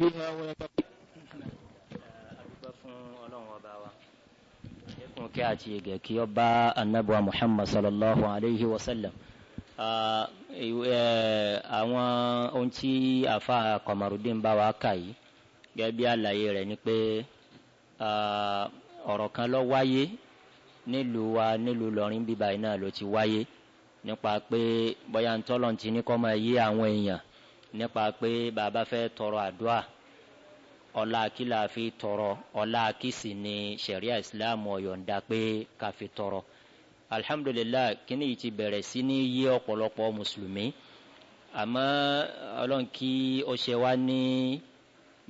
بها ويتقي lẹ́kùn kí àti ìgẹ̀ kí ọ bá anábọ̀ muhammad sallallahu alayhi wa sallam àwọn ohun tí àfa kọmarudin bá wa kà yìí gẹ́gẹ́ bí àlàyé rẹ̀ ni pé ọ̀rọ̀ kan lọ wáyé nílùú wa nílùú lọ́rin bíbá iná ló ti wáyé nípa pé bóyá ntọ́lọ́ntì ní kọ́ máa yé àwọn èèyàn nípa pé bàbá fẹ́ tọrọ àdúrà ọlá kí la fi tọrọ ọlá kí sì ni ṣẹ̀ríà ìsìláàmù ọ̀yọ̀ǹda pé ká fi tọrọ alhamdulilayi kíní yìí ti bẹ̀rẹ̀ sí ní yé ọ̀pọ̀lọpọ̀ mùsùlùmí àmọ́ ọlọ́run kí ó ṣe wá ní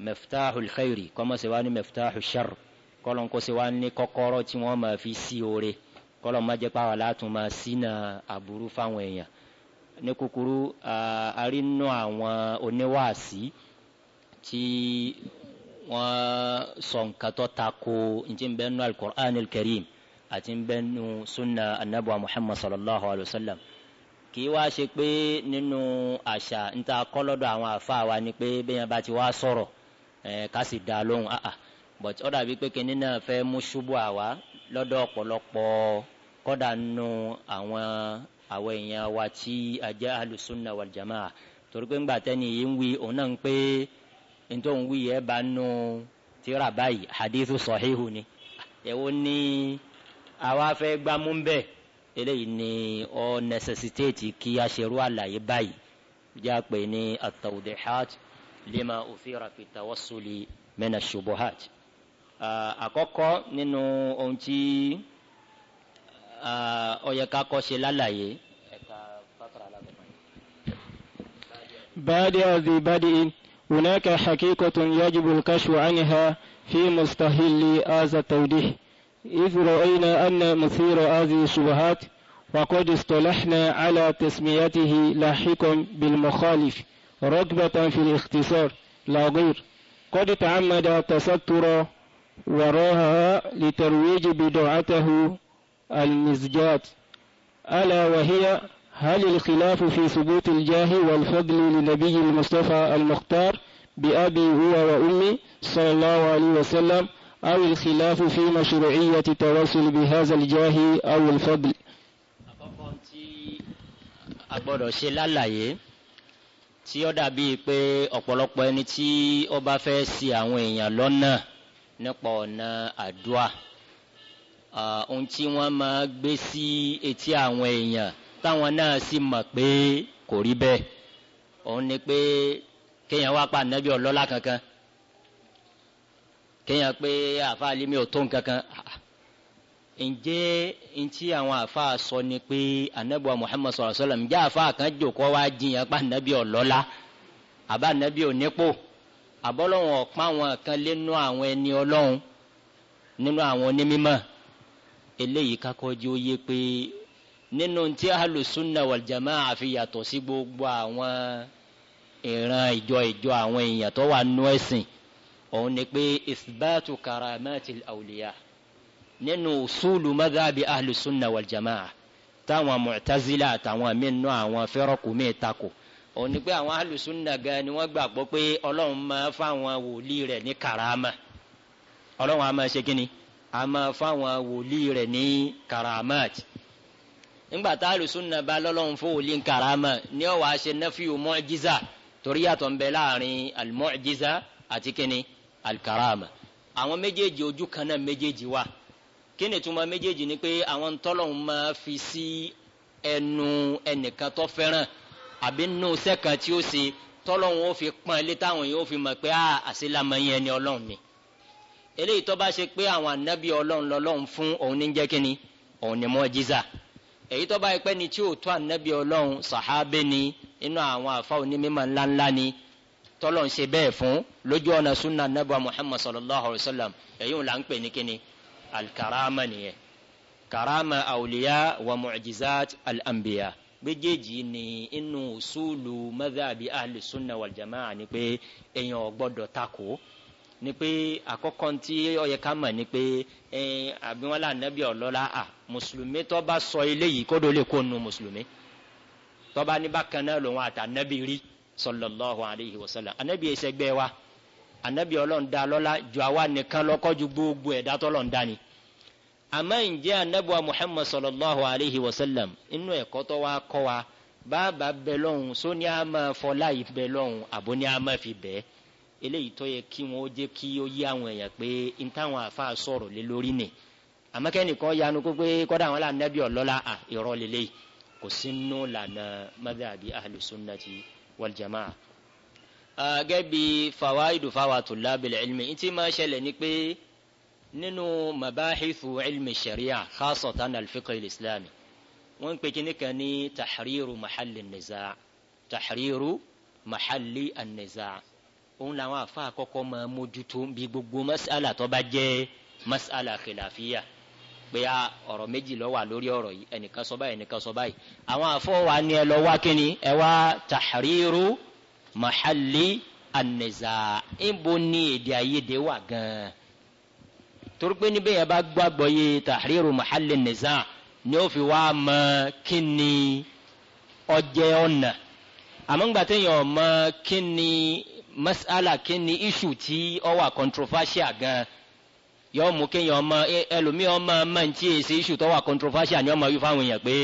miftahul khairi kó má ṣe wá ní miftahul shar kọ́lọ́n kó ṣe wá ní kọ́kọ́rọ́ tí wọ́n máa fi ṣí oore kọ́lọ́n má jẹ́ pàwọn látún máa ṣínà aburú fáwọn èèyàn ní kúkúrú arínú àwọn oníwàásí tí wọ́n sọ nǹkan tó tako ǹjẹ́ ń bẹ́ẹ̀ nù al-Qur'an al-Karim àti ń bẹ́ẹ̀ nù sunna anabuwa Muhammad sallallahu alayhi wa sallam kì í wá ṣe pé nínú àṣà níta kọ́ lọ́dọ̀ àwọn àfa wa ni pé bẹ́ẹ̀ bá ti wá sọ̀rọ̀ ká sì dá lóhùn áà but ó dàbí pé kinní náà fẹ́ mú ṣubú àwa lọ́dọ̀ ọ̀pọ̀lọpọ̀ kọ́dà nù àwọn àwọn èèyàn wa tí a jẹ́ alùsùnà wal jamaa torí pé ńgbà tẹ́ni yìí ń wí òun náà ń pé nítorí òun wí yẹn bá nù tíra báyìí hadithu sọ̀híhù ni ẹ̀wọ́n ní àwa fẹ́ gbámú bẹ́ẹ̀ eléyìí ni ọ nẹsẹsitéètì kí a ṣerú àlàyé báyìí jẹ́ àpè ní atawudihat lima uthira fi tawassuli mena shubuhat. àkọ́kọ́ nínú ohun tí. آه، بعد ká kọ́ بادئ ذي بدء هناك حقيقة يجب الكشف عنها في مستهل هذا التوضيح إذ رأينا أن مثير هذه الشبهات وقد اصطلحنا على تسميته لاحقا بالمخالف رغبة في الاختصار لا غير قد تعمد تستر وراها لترويج بدعته المزجات ألا وهي هل الخلاف في ثبوت الجاه والفضل لنبي المصطفى المختار بأبي هو وأمي صلى الله عليه وسلم أو الخلاف في مشروعية التواصل بهذا الجاه أو الفضل agbọ́dọ̀ ṣe lálàyé tí ó dàbí pé ọ̀pọ̀lọpọ̀ ẹni tí ó bá fẹ́ àwọn èèyàn lọ́nà nípa ọ̀nà àdúà ohun tí wọ́n máa gbé sí etí àwọn èèyàn táwọn náà sì mọ̀ pé kò rí bẹ́ẹ̀ òun ni pé kéèyàn wá pa ànábì ọlọ́lá kankan kéèyàn pé àfa alimi ò tó nǹkan kan ǹjẹ́ ntí àwọn àfa sọ ni pé anabi Muhammad sallallahu alaihi wasallam ǹjẹ́ àfa kan jòkó wá jiyàn pa ànábì ọlọ́lá àbá ànábì ò nípò àbọ́lọ́wọ̀n ọ̀pá àwọn kan lé àwọn ẹni ọlọ́run nínú àwọn onímọ̀ eléyìí kakọjú ó yé pé nínú tí alùsùnà wàlìjàmá àfi yàtọ̀ sí gbogbo àwọn ìran ìjọ ìjọ àwọn èèyàn tó wà nú ẹ̀sìn òun ni pé isbatu karamati awliya nínú usulu madhabi alùsùnà wàlìjàmá táwọn mu'tazila àtàwọn mínú àwọn fẹ́rọ̀kù mẹ́tako òun ni pé àwọn alùsùnà gan ni wọ́n gbàgbọ́ pé ọlọ́run máa fáwọn wòlíì rẹ̀ ní karama ọlọ́run á máa ṣe kínni a máa fáwọn wòlíì rẹ̀ ní karamat nígbà tá a lè sunna bá lọ́lọ́run fún wòlíì karama ní ọ wàá ṣe nafiyu mu'jiza torí yàtọ̀ ń bẹ láàrin al-mu'jiza àti kíni al-karama àwọn méjèèjì ojú kan náà méjèèjì wà kíni túmọ̀ méjèèjì ni pé àwọn tọ́lọ́run máa fi sí ẹnu ẹnìkan tó fẹ́ràn àbí nù sẹ́kàn tí ó ṣe tọ́lọ́run ó fi pọ́n ilé táwọn yóò fi mọ̀ pé ah, àṣìlámọ̀ yẹn ni ọlọ́run ni eléyìí tó bá ṣe pé àwọn ànábì ọlọ́run lọ́lọ́run fún òun ní jẹ́ kínní òun ni mọ́jísà èyí tó bá yẹ pé ni tí ò tó ànábì ọlọ́run sàhábé ni inú àwọn àfa onímọ̀ ńláńlá ni tọ́lọ́run ṣe bẹ́ẹ̀ fún lójú ọ̀nà sunna ànábì muhammad sallallahu alayhi wa sallam èyí ò là ń pè ní kínní alkarama nìyẹn karama awliya wa mu'jizat al-anbiya ni inú usulu madhabi ahli sunna ni pé èèyàn ò takò ni pé àkọ́kọ́ tí ó yẹ ká mọ̀ ni pé ẹn àbíwọ́lá ànábì ọ̀lọ́lá à mùsùlùmí tó bá sọ eléyìí kódó lè kó nu mùsùlùmí tó bá ní bákan náà lòun àti ànábì rí sallallahu alayhi wa sallam ànábì ẹsẹ̀gbẹ́ wa ànábì ọlọ́ọ̀dá lọ́lá ju àwa nìkan lọ́kọ́ ju gbogbo ẹ̀dá tọ́lọ́ọ̀dá ni àmọ́ ǹjẹ́ ànábì wa Muhammad sallallahu alayhi wa sallam inú wa bàbá bẹ lọ́hùn sóní àmọ́ fọlá ìbẹ lọ́hùn àbóní eléyìí tó yẹ kí wọn ó jẹ́ kí ó yí àwọn èèyàn pé n táwọn àfa sọ̀rọ̀ lé lórí nì àmọ́kẹ́nìkan yanu kó pé kọ́dà àwọn làǹdàbí ọ̀lọ́lá à irọ́ lélẹ́yìí kò sínú lànà madhabi ahlu sunnati wal jamaa. gẹ́bí fawaidu fáwa tullabil ilmi ntí máa ṣẹlẹ̀ ni pé nínú mabahithu ilmi sharia khasatan al-fiqh al ń pè kíní kan ní tahriru mahalli nizaa tahriru mahalli an òun làwọn àfa àkọ́kọ́ máa mójútó bí gbogbo masala tó bá jẹ́ masala khilafiya pé a ọ̀rọ̀ méjì ló wà lórí ọ̀rọ̀ yìí ẹnìkan sọ báyìí ẹnìkan sọ báyìí àwọn àfọ wa ni ẹ lọ wá kíni ẹ wá tahriru mahali aniza ibo ni èdè àìyedè wà gan-an torí níbẹ̀ yẹn bá gbàgbọ́ yé tahriru mahali aniza ni ó fi wá mọ kíni ọjẹ́ ọ̀nà àmọ́ ńgbà téèyàn mọ kíni mas'ala kíni issue tí ó wà controversial gan yóò mú kéèyàn ọmọ ẹlòmíì ọmọ mọ̀ntí èsì issue tó wà controversial ni ọmọ yìí fáwọn èèyàn pé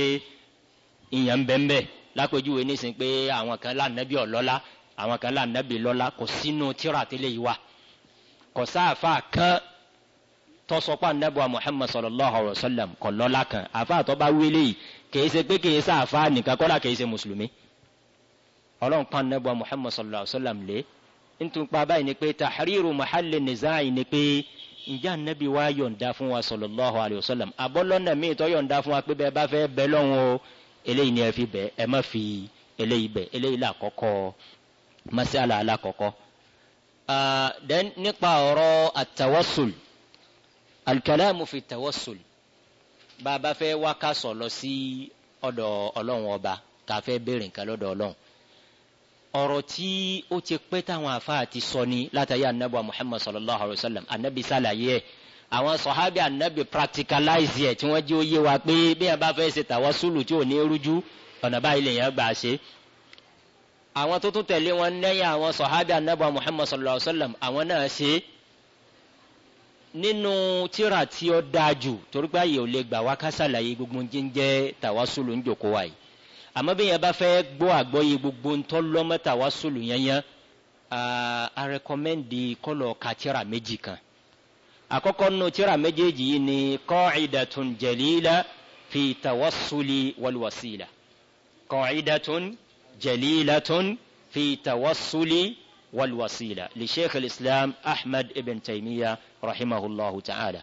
ìyàn ń bẹ́ẹ̀ bẹ́ẹ̀ lápèjúwe nísìnyí pé àwọn kan lànàbí ọ̀lọ́lá àwọn kan lànàbí lọ́lá kò sínú tíra tẹ́lẹ̀ yìí wà kò sáàfà kan tọ́sọ̀pá nàbọ̀ Muhammad sallallahu alayhi wa sallam kò lọ́lá kan àfa àtọ́ba wílé yìí kìí ṣe pé kìí sáàfà nìkan kọ́lá kìí ṣe mùsùlùmí ọlọ́run pa nàbọ̀ Muhammad sallallahu alayhi wa sallam lé ntùpá báyìí ni pé tahriru mahali nizaayi ni pé ǹjẹ́ anabi wa yọ̀ǹda fún wa sallallahu alayhi wa sallam abọ́lọ́nà míì tó yọ̀ǹda fún wa pé bẹ́ẹ̀ bá fẹ́ bẹ́ẹ̀ lọ́hùn o eléyìí ni ẹ fi bẹ́ẹ̀ ẹ má fi eléyìí bẹ́ẹ̀ eléyìí là kọ́kọ́ masala là kọ́kọ́. then nípa ọ̀rọ̀ at-tawassul fi tawassul bàbá fẹ́ wá ká sí ọ̀dọ̀ ọlọ́run ọba ká fẹ́ béèrè nǹkan lọ́dọ̀ ọ̀rọ̀ tí ó ti pẹ́ táwọn àfáà ti sọ ni látàrí anabi muhammad sallallahu alayhi wa sallam anabi sàlàyé ẹ̀ àwọn sọ̀hábì anabi practicalize ẹ̀ tí wọ́n jẹ́ ó wa pé bí wọ́n bá fẹ́ ṣe tàwásùlù tí ò ní rújú ọ̀nà báyìí lèèyàn gbà ṣe. àwọn tó tún tẹ̀lé wọn lẹ́yìn àwọn sọ̀hábì anabi muhammad sallallahu alayhi wa sallam àwọn náà ṣe é nínú tíra tí ó dáa jù torí pé àyè ò lè gbà wá ká sàlàyé gbogbo jíjẹ́ ń jòkó wáyìí àmọ́ bí yẹn bá fẹ́ gbọ́ àgbọ́yé gbogbo ńtọ́ lọ́mọ́ta wá sùlù yẹnyẹn a rẹkọmẹ́ndì kọ́lọ̀ ka tíra méjì kan àkọ́kọ́ nù tíra méjèèjì yìí ni qa'idatun jalila fi tawassuli wal wasila qa'idatun jalilatun fi tawassuli wal wasila li sheikh al-islam ahmed ibn taymiya rahimahullahu ta'ala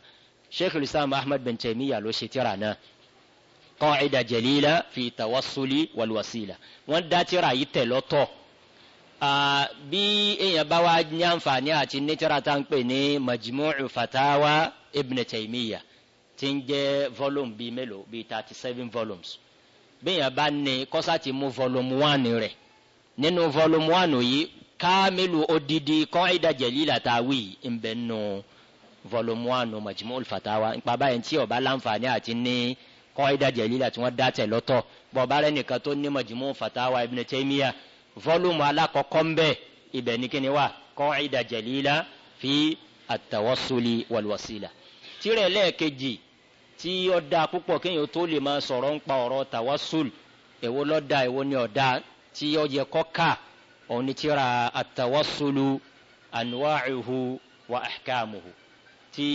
sheikh islam ahmed ibn taymiya ló ṣe tíra náà qaida jalila fi tawassuli wal wasila wọ́n dá tírà yìí tẹ̀ lọ́tọ̀ bí èèyàn bá wá ní àǹfààní àti ní tírà tá ń pè ní majmu'u fatawa ibn taymiya tí ń jẹ́ volume bíi mélòó bíi thirty seven volumes bí èèyàn bá ní kọ́sá ti mú volume one rẹ̀ nínú volume one yìí kámẹ́lù odidi qaida jalila tá a wí ń bẹ volume one majmu'u fatawa nípa báyìí tí ó bá láǹfààní àti ní qaida jalila tí wọ́n dá tẹ̀ lọ́tọ̀ bọ̀ọ̀bá rẹ nìkan tó ní majmu fatawa ibn taymiya fọ́lùmù alákọ̀ọ́kọ́ ń bẹ̀ ibẹ̀ ní kíni wà qaida jalila fi at-tawassuli wal wasila tirẹ̀ lẹ́ẹ̀kejì tí ó da púpọ̀ kéèyàn tó lè máa sọ̀rọ̀ ń pa ọ̀rọ̀ tawassul èwo ló èwo ni ó tí ó yẹ kó kà òun ni tírà at-tawassulu wa ahkamuhu ti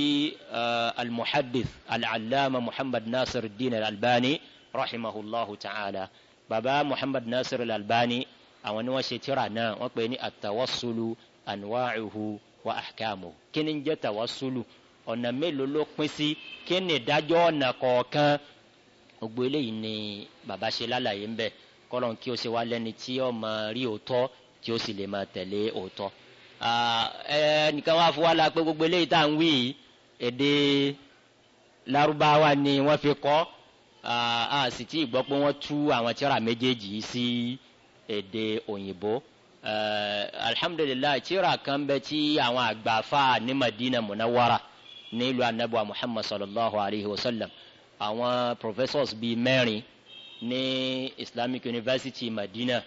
almuhadith al'alama muhammad nasir din albani rahimahullahu ta'ala baba muhammad nasir albani àwọn ni wọ́n ṣe tírà náà wọ́n pè ní atawassulu anwa'uhu wa ahkamu kí ni ń jẹ́ tawassulu ọ̀nà mélòó ló pín sí kí ni ìdájọ́ gbogbo eléyìí ni baba ṣe lálàyé ń bẹ kọ́lọ́n kí o ṣe wá lẹ́ni tí ó máa rí òótọ́ tí ó sì lè máa tẹ̀lé òótọ́ ẹnìkan wá fún wa la pé gbogbo eléyìí tá à ń wí èdè lárúbáwá ni wọ́n fi kọ́ a sì tí ì gbọ́ pé wọ́n tú àwọn tíra méjèèjì sí èdè òyìnbó alhamdulilayi tíra kan bẹ tí àwọn àgbàfà ní madina munawara nílùú anabu muhammad sallallahu alayhi wa sallam àwọn professors bíi mẹ́rin ní islamic university madina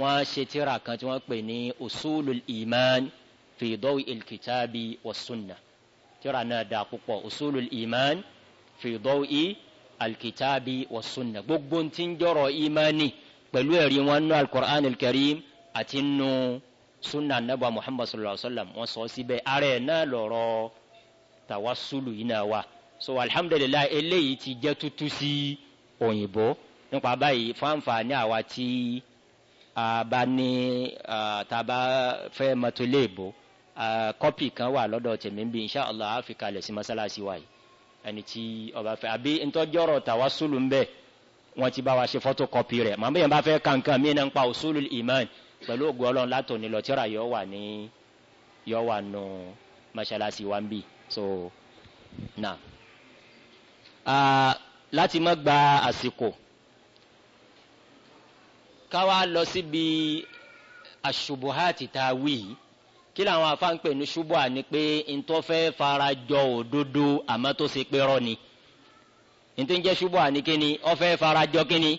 wọ́n ṣe tíra kan tí wọ́n pè ní usulul iman fi dawi ilkitabi wa sunna tíra náà dáa púpọ̀ usulul iman fi dawi alkitabi wa sunna gbogbo tí ń jọrọ imani pẹ̀lú ẹ̀rí wọn nú alukur'an alkarim àti nú sunna anabu muhammad sallallahu alaihi wa sallam wọ́n sọ síbẹ̀ ara ẹ̀ náà lọ́rọ̀ tawasulu yìí náà wà so alhamdulilayi eléyìí ti jẹ́ tutu sí òyìnbó nípa báyìí fáǹfà ní àwa tí àbá ní tàbá fẹ́ mọ́tò léèbó kọ́pì kan wà lọ́dọ̀ tèmi bí insha Allah á fi kalẹ̀ sí mọ́sálásí wa yìí ẹni tí ọba fẹ́ àbí ntọ́jọ́rọ̀ tàwásùlù ń bẹ̀ wọ́n ti bá wa ṣe photocopy rẹ̀ màmú yẹn bá fẹ́ kankan mí náà pa òṣùlù iman pẹ̀lú ògùn ọlọ́run látòní lọ yọ wà ní yọ wà nù mọ́sálásí wa ń bì so na láti má gba àsìkò káwa lọ síbi àṣubuhati tá a wí kí làwọn afáǹpẹ ní ṣubú à ní pé ntọ́fẹ́ farajọ òdodo àmọ́ tó ṣe pé rọ́ ni ntí ń jẹ́ ṣubú à ní kíni ọfẹ́ farajọ kíni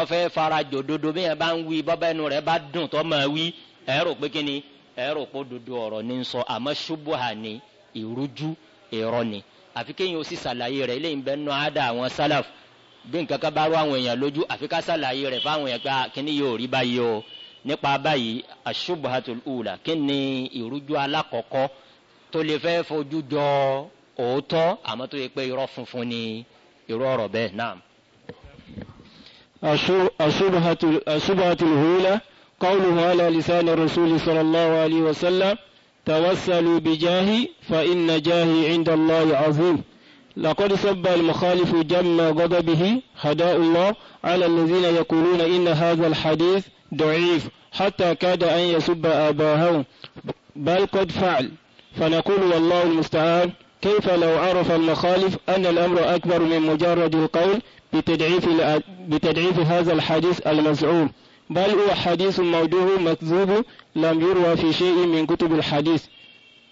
ọfẹ́ farajọ òdodo bí yẹn bá ń wí bọ́bá ẹnu rẹ̀ bá dùn tọ́ máa wí ẹ pé kíni ẹ pé òdodo ọ̀rọ̀ ni ń sọ àmọ́ ṣubú à ní ìrújú irọ́ ni àfi kéèyàn ó sì ṣàlàyé rẹ̀ eléyìí bẹ́ẹ̀ nù ádà àwọn sálàfù bí nǹkan kan bá rú àwọn èèyàn lójú àfi ká ṣàlàyé rẹ̀ fáwọn èèyàn pé ah, kíní yóò rí báyìí o nípa báyìí aṣubuhatul ula kí ni ìrújú alákọ̀ọ́kọ́ tó lè fẹ́ fojú jọ òótọ́ àmọ́ tó yẹ pé irọ́ funfun ni irú ọ̀rọ̀ bẹ́ẹ̀ náà. aṣubuhatul ula qawluhu ala lisani rasuli sallallahu alayhi wa sallam tawassalu bijahi fa inna jahi inda allahi azim. لقد سب المخالف جم غضبه هداء الله على الذين يقولون إن هذا الحديث ضعيف حتى كاد أن يسب آباهم بل قد فعل فنقول والله المستعان كيف لو عرف المخالف أن الأمر أكبر من مجرد القول بتدعيف, بتدعيف هذا الحديث المزعوم بل هو حديث موضوع مكذوب لم يروى في شيء من كتب الحديث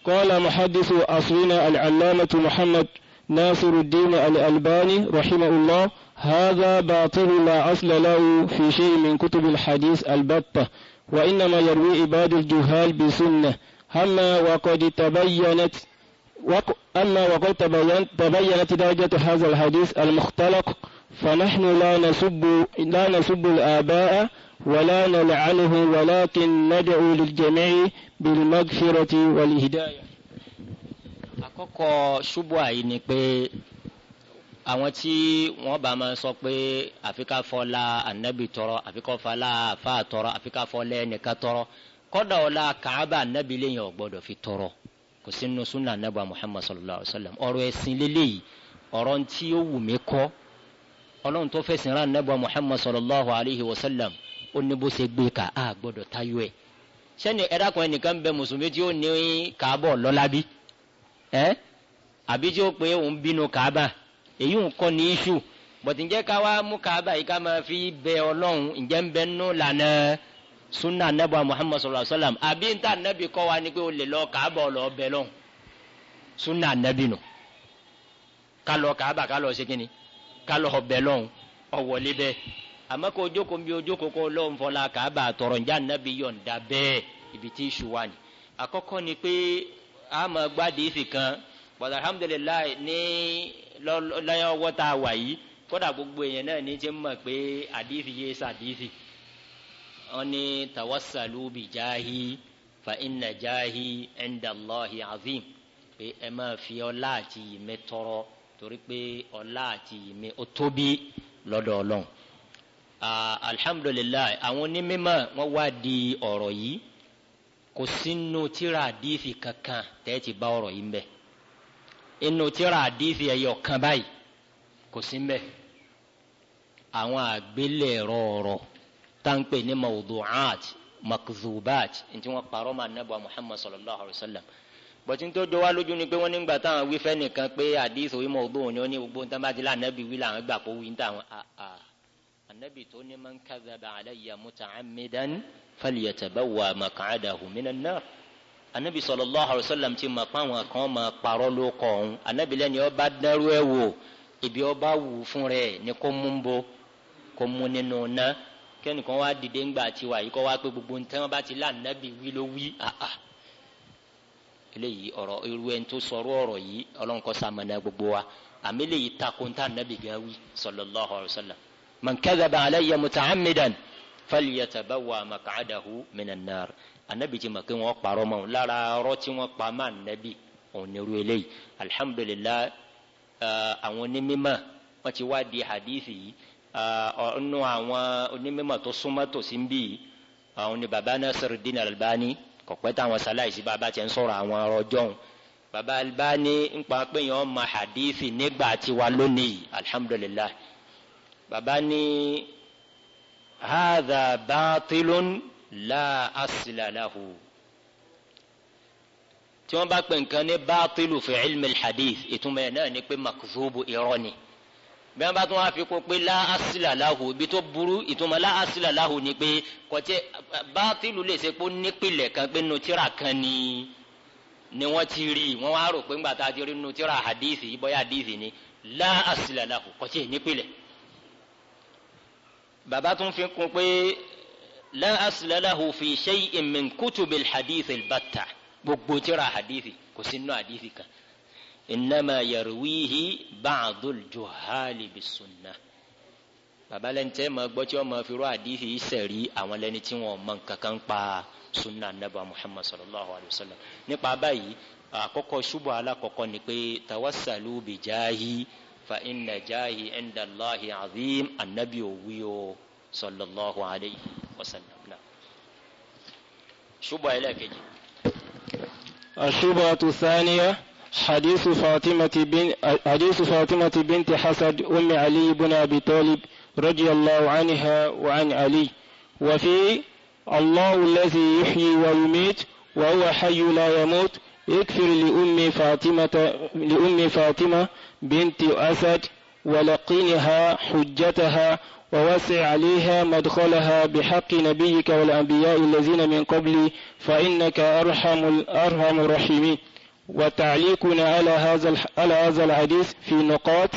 قال محدث أصلنا العلامة محمد ناصر الدين الألباني رحمه الله هذا باطل لا أصل له في شيء من كتب الحديث البطة وإنما يروي عباد الجهال بسنة أما وقد تبينت وق... أما وقد تبين... تبينت درجة هذا الحديث المختلق فنحن لا نسب لا نسب الآباء ولا نلعنه ولكن ندعو للجميع بالمغفرة والهداية àkọ́kọ́ ṣubú àyè ni pé àwọn tí wọ́n bá máa sọ pé àfikàfọlá anabi tọrọ àfikàfọlá afa tọrọ àfikàfọlá ẹnìkan tọrọ kódà ọlá kàába anabi lẹ́yìn ò fi tọrọ kò sí nínú sunna anabi muhammad sallallahu alaihi wa sallam ọ̀rọ̀ ẹ̀sìn lélẹyìí ọ̀rọ̀ ntí ó wù mí kọ Ọlọ́run tó fẹsẹ̀ rán anabi muhammad sallallahu alaihi wa sallam ó ní bó ṣe gbé e ka a gbọ́dọ̀ tayọ ẹ sẹni ẹdá kan ẹnìkan bẹ mùsùlùmí tí ó ẹ àbí tí ó pé òun bínú kaaba èyí ń kọ́ ní iṣu bọ̀tí ǹjẹ́ ká wá mú kaaba yìí ká máa fi bẹ ọlọ́run ǹjẹ́ ń bẹ nínú lànà sunna anabuwa muhammad sallallahu alaihi wa sallam àbí kaaba lọ bẹ lọ́hùn sunna anabi nù ká kaaba ká lọ segin ni ká lọ bẹ lọ́hùn ọ̀wọ́lé bẹ́ẹ̀ àmọ́ jókòó kaaba ǹjẹ́ anabi yọ̀ǹda bẹ́ẹ̀ ibi tí àmọ́ gbádìí fi kan but alhamdulilayi ní lọ́yọ̀wọ́ tá a wà yìí kódà gbogbo èèyàn náà ní ti mọ̀ pé àdìsí yé sàdìsí wọn ní tawassalu bi jahi fa inna jahi inda Allahi azim pé ẹ fi ọlá àti ìmẹ tọrọ torí pé ọlá àti ìmẹ ó tóbi lọ́dọ̀ Ọlọ́run alhamdulilayi àwọn onímọ̀ wọn wá di ọ̀rọ̀ yìí kò sínú tíra àdífì kankan tẹ́ẹ̀tì bá ọ̀rọ̀ yìí ń bẹ̀ inú tíra àdífì ẹ̀yọ̀ kan báyìí kò sí ń bẹ̀ àwọn àgbélẹ̀rọ ọ̀rọ̀ táǹpẹ̀ ní mawdu'at makzubat ntí wọ́n parọ́ máa nẹ́bọ̀ Muhammad sallallahu alayhi wa sallam bọ̀tí tó jọ wá lójú ni pé wọ́n nígbà táwọn wífẹ́ nìkan pé àdífì orí mawdu'un ni ó ní gbogbo ntàn bá ti lánàá bí wí làwọn gbà kó wí ní àà. النبي tó ní man kadhaba alayya muta'ammidan falyatabawwa maq'adahu minan nar anabi sallallahu alayhi wa sallam ti ma pa àwọn kan ma parọ́ ló kọ ọ̀hún anabi lẹ́ni ọba dárú ẹ̀ wò ibi ọba wù fún rẹ̀ ni kò mú bo kò mú nínú ná kẹ́nìkan wá dìde ńgbà tí wà yìí kọ́ wá pé gbogbo nǹkan bá ti lá anabi wí ló wí àà eléyìí ọ̀rọ̀ irú ẹni tó sọ̀rọ̀ ọ̀rọ̀ yìí ọlọ́run kó ṣamọ̀nà gbogbo wa àmì eléyìí takò ń tà gan wí sallallahu alayhi wa من كذب علي متعمدا فليتبوأ مقعده من النار anabi ti ma kí wọn parọ́ mọ́ lára ọ̀rọ̀ tí wọn pa má nabi òun ni irú eléyìí alhamdulilah àwọn onímọ̀ wọn ti wá di hadithi yìí ọ̀nù àwọn onímọ̀ tó súnmọ́ tòsí ń bí yìí àwọn ni baba Nasiruddin Albani kò pẹ́ táwọn sáláìsì baba ti ń sọ̀rọ̀ àwọn ọ̀rọ̀ jọ̀hún baba Albani ń pa pé yẹn ọmọ hadithi nígbà tiwa lónìí alhamdulilah bàbá ní hadha batilun la asla lahu tí wọ́n bá pè nǹkan ní báàtìlù fi ilmi alhadith ìtumọ̀ ẹ̀ náà ni pé makzubu irọ́ ni bí wọ́n bá tún wá fi kó pé láàsìlà láhù ibi tó burú ìtumọ̀ láàsìlà láhù ni pé kọ́tẹ́ báàtìlù lè ṣe pé nípìlẹ̀ kan pé nùtírà kan ni ni wọ́n ti rí wọ́n wá rò pé ńgbà tá a ti rí nùtírà hadith yìí bọ́yá hadith ni láàsìlà láhù kọ́tẹ́ nípìlẹ̀ bàbá tún fi kún pé la asla lahu fi shay'in min kutubil hadith albata gbogbo tírà hadithi kò sí nínú hadithi kan innama yarwihi ba'dul juhali bisunna bàbá lẹni tẹ́ ma gbọ́ tí wọ́n ma fi rú hadithi sẹ̀rí àwọn lẹni tí wọ́n mọ̀ kankan pa sunna nabà muhammad sallallahu alayhi wa sallam nípa báyìí àkọ́kọ́ ṣubu alakọ́kọ́ ni pé tawassalu bijahi. فإن جاهي عند الله عظيم النبي ويو صلى الله عليه وسلم نعم شبهة لك الشبهة الثانية حديث فاطمة بن حديث فاطمة بنت حسد أم علي بن أبي طالب رضي الله عنها وعن علي وفي الله الذي يحيي ويميت وهو حي لا يموت اكفر لأم فاطمة لأم فاطمة بنت أسد ولقنها حجتها ووسع عليها مدخلها بحق نبيك والأنبياء الذين من قبل فإنك أرحم الأرحم الراحمين وتعليقنا على هذا على هذا الحديث في نقاط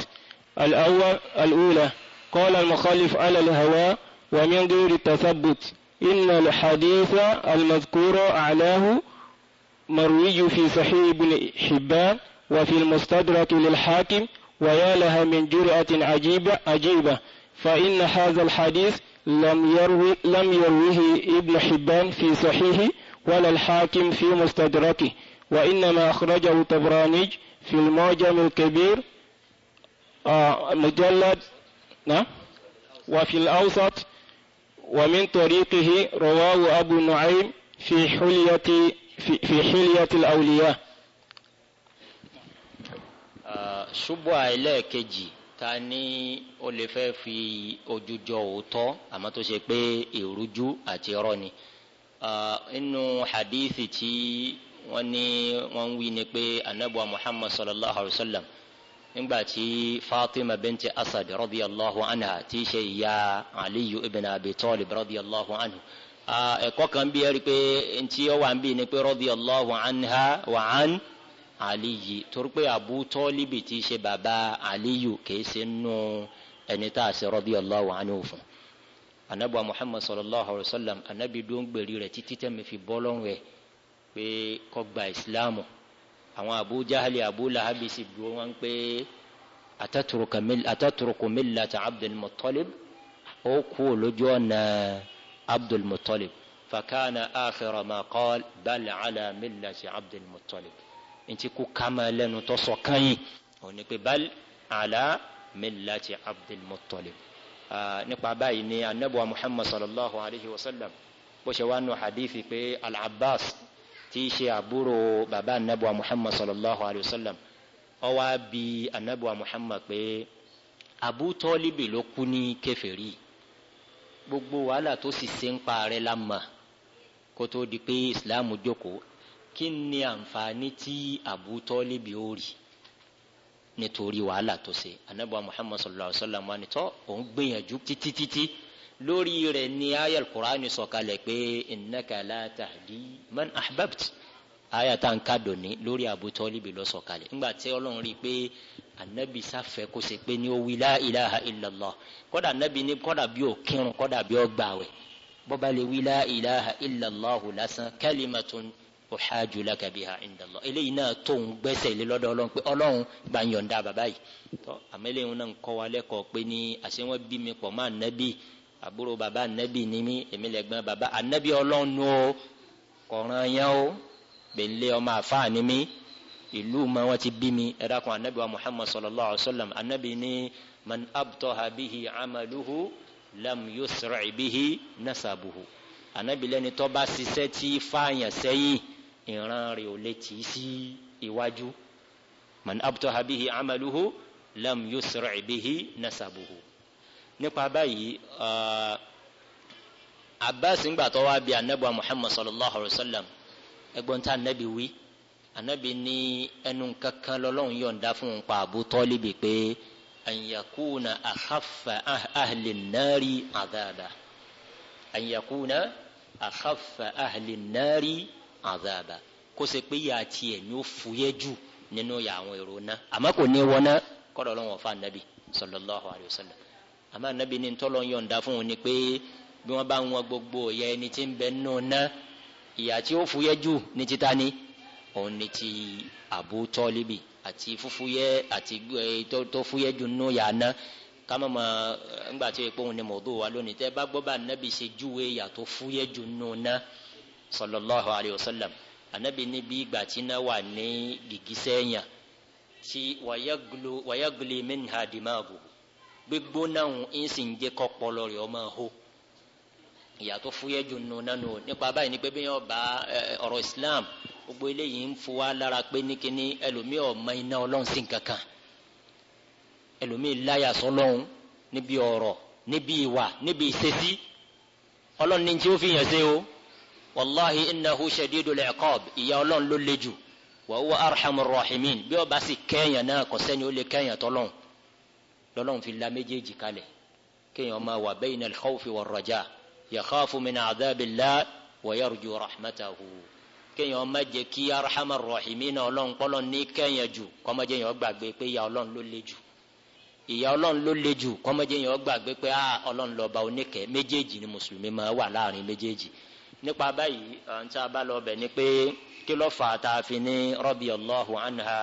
الأول الأولى قال المخالف على الهوى ومن غير التثبت إن الحديث المذكور أعلاه مروي في صحيح ابن حبان وفي المستدرك للحاكم ويا لها من جرأة عجيبة عجيبة فإن هذا الحديث لم يروي لم يروه ابن حبان في صحيح ولا الحاكم في مستدركه وإنما أخرجه طبراني في المعجم الكبير آه، مجلد نعم وفي الأوسط ومن طريقه رواه أبو نعيم في حلية في, في حلية الأولياء ṣubú àìlẹ́ẹ̀kejì ta ni ó lè fẹ́ fi ojú jọ òótọ́ àmọ́ tó ṣe pé ìrújú àti irọ́ ni inú hadithi tí wọ́n ní wọ́n wí ni pé anabuwa muhammad sallallahu alayhi wa sallam nígbà tí fatima binti asad radiyallahu anha tí í ṣe aliyu ibn abi talib radiyallahu anhu ẹ̀kọ́ kan bí ẹ̀rí pé ntí ọ wà ń bí ni pé radiyallahu anha wa an aliyi torí pé Abu Tọ́líbì tí í ṣe bàbá aliyu kìí ṣe nù ẹni tá a ṣe radiyallahu anhu fún anabuwa Muhammad sallallahu alayhi wa sallam anabi dún rẹ títí tẹ́mi fi bọ́ lọ́rùn ẹ̀ pé kó ìsìláàmù àwọn Abu Jahali Abu Lahabi sì dúró wọn pé ataturuku millata Abdul Muttalib ó kú olójú ọ̀nà. عبد المطلب فكان آخر ما قال بل على ملة عبد المطلب انت كما لن لنو ونقول بل على ملة عبد المطلب آه نقبع بايني النبوة محمد صلى الله عليه وسلم وشوانو حديثي في العباس تيشي عبورو بابا النبوة محمد صلى الله عليه وسلم أو أبي النبوة محمد بي أبو طالب لكني كفري gbogbo wàhálà tó sì ṣe ń pa rẹ la mà kó tó di pé islam jókòó kí ni àǹfààní tí Abu Tọ́líbì ó nítorí wàhálà tó ṣe anabi muhammad sallallahu alaihi wa sallam wa ni tọ́ òun gbìyànjú títítítí lórí rẹ̀ ni aya al-Qur'ani sọ̀kalẹ̀ pé innaka la tahdi man ahbabta aya tá n ká dòní lórí Abu Tọ́líbì ló sọ̀kalẹ̀ ńgbà tí ọlọ́run rí i pé anabi sáfẹ kó ṣe pé ní o wí la ilaha illallah kódà anabi ní kódà bí o kírun kódà bí o gbàwẹ̀ bọba lè wí la ilaha illallah lásán kalimatun uhaju laka biha indallah eléyìí náà tó ń gbẹ́sẹ̀ lé lọ́dọ̀ Ọlọ́run pé Ọlọ́run gba yọ̀ǹda bàbá yìí tọ àmẹlẹyìn náà ń kọ́ wa lẹ́kọ̀ọ́ pé ní mi pọ̀ mọ́ anabi àbúrò bàbá anabi ni mí èmi lẹ́gbẹ̀ẹ́ bàbá anabi Ọlọ́run nù o kọ̀ọ̀ràn yẹn o gbẹ̀lẹ́ ọmọ àfáà ni mí ìlú ma wọn ti bí mi ẹ dákun anabi wa muhammad sallallahu alaihi wa sallam anabi ni man abtaha bihi amaluhu lam yusra' bihi nasabuhu anabi lẹni tó bá ṣiṣẹ́ tí fààyàn sẹ́yìn ìran rẹ̀ ò lè tì í sí iwájú man abtaha bihi amaluhu lam yusra' bihi nasabuhu nípa báyìí abbas ń gbà tó wá bí anabi wa muhammad sallallahu alaihi wa sallam ẹgbọn tá anabi wí anabi ní ẹnu kankan lọ́lọ́run yọ̀ǹda fún un pa Abu Tọ́líbi pé an yakuna akhaffa ahli nari azaba an yakuna akhaffa ahli nari azaba kó ṣe pé yà á tiẹ̀ ní ó fúyẹ́ jù nínú yà àwọn èrò náà àmọ́ kò ní wọná kọ́dọ̀ lọ́wọ́ fa anabi sallallahu alayhi wa sallam àmọ́ anabi ní tọ́lọ́ yọ̀ǹda fún un ni pé bí wọ́n bá ń wọn gbogbo ìyà ẹni tí ń bẹ nù náà ìyà tí ó fúyẹ́ jù ní títa ni òun ni ti Abu Tọ́líbì àti fúfúyẹ́ àti tó fúyẹ́ dunu yànnà kama ma ǹgbà tí ekpe òun ni mọ̀dó wa lónìí tẹ́ bá gbọ́ bá anabi ṣe júwe yàtọ̀ fúyẹ́ dunu na sallallahu alayhi wa sallam anabi ni bí ìgbà tí na wà ní gìgísẹ́ yàn tí wàyàgùlì minha dimagu gbígbó náà ń sì ń jẹ́ kọ́pọ̀lọ́ rẹ̀ ọmọ hó ìyàtọ̀ fúyẹ́ dunu náà nù nípa báyìí ni pé bí wọ́n bá ọ̀rọ̀ Islam gbogbo eléyìí ń fún wa lára pé nìkíní ẹlòmíì ọmọ iná ọlọ́run sí nkankan ẹlòmíì láyà sọlọ́run níbi ọ̀rọ̀ níbi ìwà níbi ìṣesí ọlọ́run ní tí ó fi yàn sí o wàláhi innahu shadidul iqab ìyà ọlọ́run ló le jù wa huwa arhamur rahimin bí ó bá sì kẹ́yàn náà kò sẹ́ni ó lè kẹ́yàn tọ́lọ́run lọ́lọ́run fi la méjèèjì kalẹ̀ kéèyàn máa wà bayna al-khawfi war-raja yakhafu min adhabillah wa yarju rahmatahu kéèyàn má jẹ́ kí arhamar rahimina ọlọ́run kọlọ ní kẹyàn jù kọmọjẹ yẹn gbàgbé pé ìyá ọlọ́run ló le jù ìyá ọlọ́run ló le jù kọmọjẹ yẹn gbàgbé pé ah ọlọ́run lọba oníkẹ méjèèjì ni mùsùlùmí máa wà láàrin méjèèjì nípa báyìí àwọn tí a ni pé kí ló fà á tá fi ní radiyallahu anha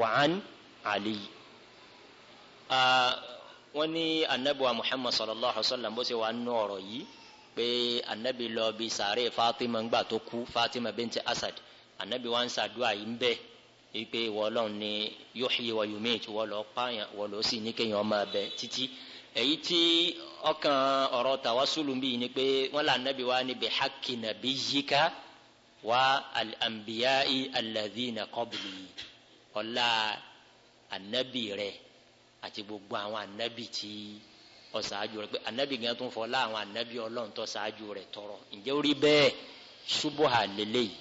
wa an ah, wọ́n ní anabuwa muhammad sallallahu alaihi wa sallam bó ṣe wà nù ọ̀rọ̀ yìí pé anabi lọ bi sàárè fatima ńgbà tó kú fatima binti asad anabi wa ń sàdúrà yìí ń bẹ ipe wọlọ́n ni yuhyi wa yumit wọlọ́ pààyàn wọlọ́ sì ní kéèyàn máa bẹ títí èyí tí ọkàn ọ̀rọ̀ tàwásùlù bíi ni pé wọ́n là anabi wa ni bi haqqi nabiyyika wa al-anbiya'i alladhina qabli ọ̀la anabi rẹ̀ àti gbogbo àwọn anabi tí ọ̀sáájú rẹ̀ pé anabi gan tó ń fọ láwọn anabi ọlọ́run tó ṣáájú rẹ̀ tọrọ ǹjẹ́ ó rí bẹ́ẹ̀ ṣubuha lélẹ́yìí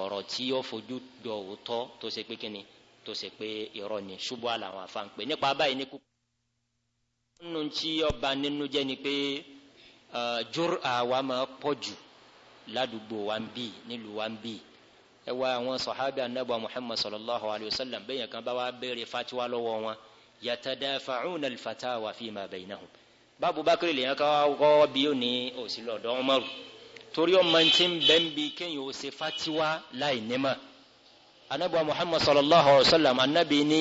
ọ̀rọ̀ tí ó fojú jọ òótọ́ tó ṣe pé kíni tó ṣe pé irọ́ ni ṣubuha làwọn afa ń pè nípa báyìí ní kúkú. nínú tí ọba nínú jẹ́ ni pé jùr àwa máa pọ̀ jù ládùúgbò wa ń bì nílùú wa ń bì ẹ wá àwọn sọ̀hábì anábọ̀ muhammad sallallahu alayhi wa sallam bẹ́ẹ̀ yẹn kan bá wa béèrè fatiwa lọ́wọ́ wọn yatadafa'una al-fatawa fima baynahum bábu bákìrì lèyàn ká kọ́ bí ó ní òsì lọ́dọ̀ Umaru torí ọmọ tí ń bẹ́ ń bi kéèyàn ó ṣe fatiwa láì nímọ̀ anabiwa Muhammad sallallahu alayhi wa sallam anabi ní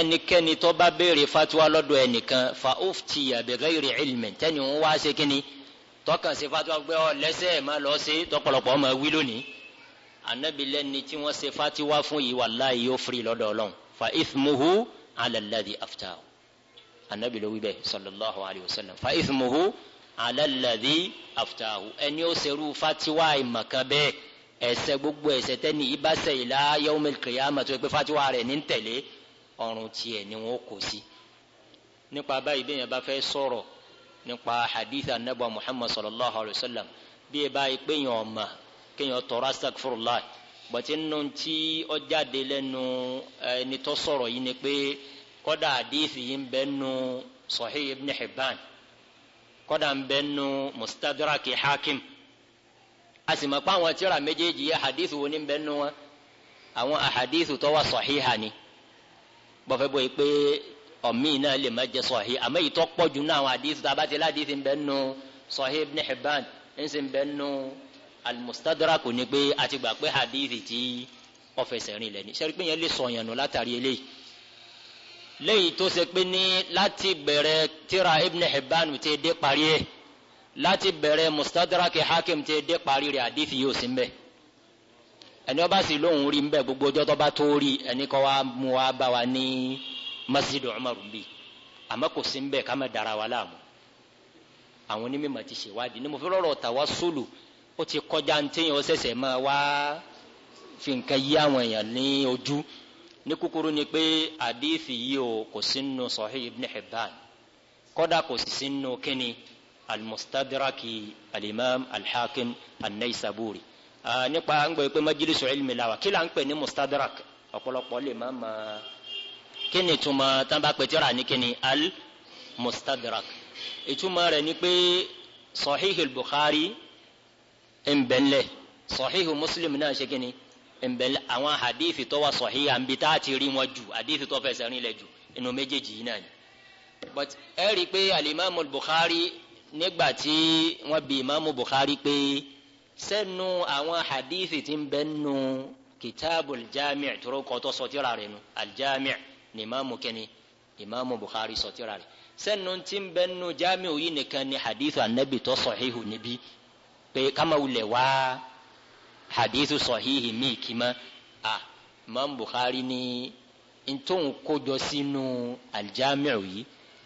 ẹnikẹ́ni tó bá béèrè fatiwa lọ́dọ̀ ẹnìkan fa uftiya bi ghairi ilmin tẹ́ni òun wá ṣe kínní tọkàn ṣe fatiwa gbé ọ lẹ́sẹ̀ má lọ ṣe tọpọlọpọ ọmọ wí lónìí anabi lẹ́ni tí wọ́n ṣe fatiwa fún yìí wallahi yóò firi lọ́dọ̀ Ọlọ́run fa ithmuhu ala alladhi aftahu anabi ló wí bẹ́ẹ̀ sallallahu alayhi wa sallam fa ithmuhu ala alladhi aftahu ẹni ó serú fatiwa ìmọ̀kan bẹ́ẹ̀ ẹ̀ṣẹ̀ gbogbo ẹ̀ṣẹ̀ tẹ́ni ibasẹ̀ ila yawmil qiyamah tó yẹ pé fatiwa rẹ̀ ní tẹ̀lé ọrùn tiẹ̀ ni wọ́n kò sí nípa báyìí bí yẹn bá fẹ́ sọ̀rọ̀ nípa hadith anabi muhammad sallallahu alayhi wa sallam bí ẹ bá yẹ pé yẹn ọ̀ma kéèyàn tọrọ astaghfirullah bọ̀tí nù ti ọjáde lẹ́nu ẹni tó sọ̀rọ̀ yìí ni pé kódà àdìsí yìí ń bẹ nu Sahih Ibn Hibban kódà ń bẹ nu Mustadraki Hakim a sì mọ̀ pé àwọn tíra méjèèjì yẹ àdìsí wo ni ń bẹ nu wọn àwọn àhàdìsí tó wà sahiha ni bọ́fẹ́ bọ́ yìí pé ọ̀mí náà lè má jẹ sahih àmọ́ èyí tó pọ̀ jù náà àwọn àdìsí tá a bá ń bẹ nu Sahih Ibn Hibban ń sì ń bẹ nu al ni pé a gbà pé àdìsí tí ó fẹsẹ̀ lẹ́ni sẹ́rí pé yẹn lè sọ̀yàn nù látàrí eléyìí léyìí tó ṣe pé ní láti bẹ̀rẹ̀ tírà ibn hibban ti dé parí ẹ̀ láti bẹ̀rẹ̀ mustadraki hakim ti dé parí rẹ̀ àdìsí yóò sí mbẹ́ ẹni ọba sì lóhùn rí mbẹ́ gbogbo ọjọ́ tó bá tó rí ẹni kọ́ wa mú wa bá wa ní masjid umar bi àmọ́ kò sí mbẹ́ ká má dara wa láàmú àwọn onímọ̀ ti ṣèwádìí ni mo fi rọrọ̀ tawassulu ó ti kọjá ntẹ́yìn ó ṣẹ̀ṣẹ̀ máa wá fi nǹkan yí àwọn èèyàn ní ojú ní kúkúrú ni pé àdéhìí yìí o kò sínú sahih ibn hibban kódà kò sí sínú kíni almustadraki alimam alhakim anaisaburi nípa ń gbọ́ pé majlisu ilmi la kí la ń pè ní mustadrak ọ̀pọ̀lọpọ̀ lè má ma kíni ìtumọ̀ tán bá pè tíra ní kíni al ìtumọ̀ rẹ̀ ni pé sahih al-bukhari ń bẹ̀ńlẹ̀ sahih muslim náà ṣe kíni ẹnbẹ̀lẹ̀ àwọn hadithi tó wà sọ̀híyà ń bi tá a ti rí wọn jù hadithi tó fẹsẹ̀ rìn lẹ̀ jù inú méjèèjì yìí náà ni. but ẹ rí i pé alimami bukhari nígbà tí wọ́n bi imamu bukhari pé sẹ́nu àwọn hadithi ti ń bẹ́ nu kitaabu aljami' tó rọ́kọ̀ tó sọtíra rẹ̀ nu aljami' ni imamu kẹ́ni imamu bukhari sọtíra rẹ̀ sẹ́nu ti ń bẹ́ nu jami'u yìí nìkan ni hadithi anabi tó sọ̀híhù níbí pé kama wáá hadithu sahihi mi kìmọ́ a imam bukhari ni ntòun kójọ sínú aljamiu yìí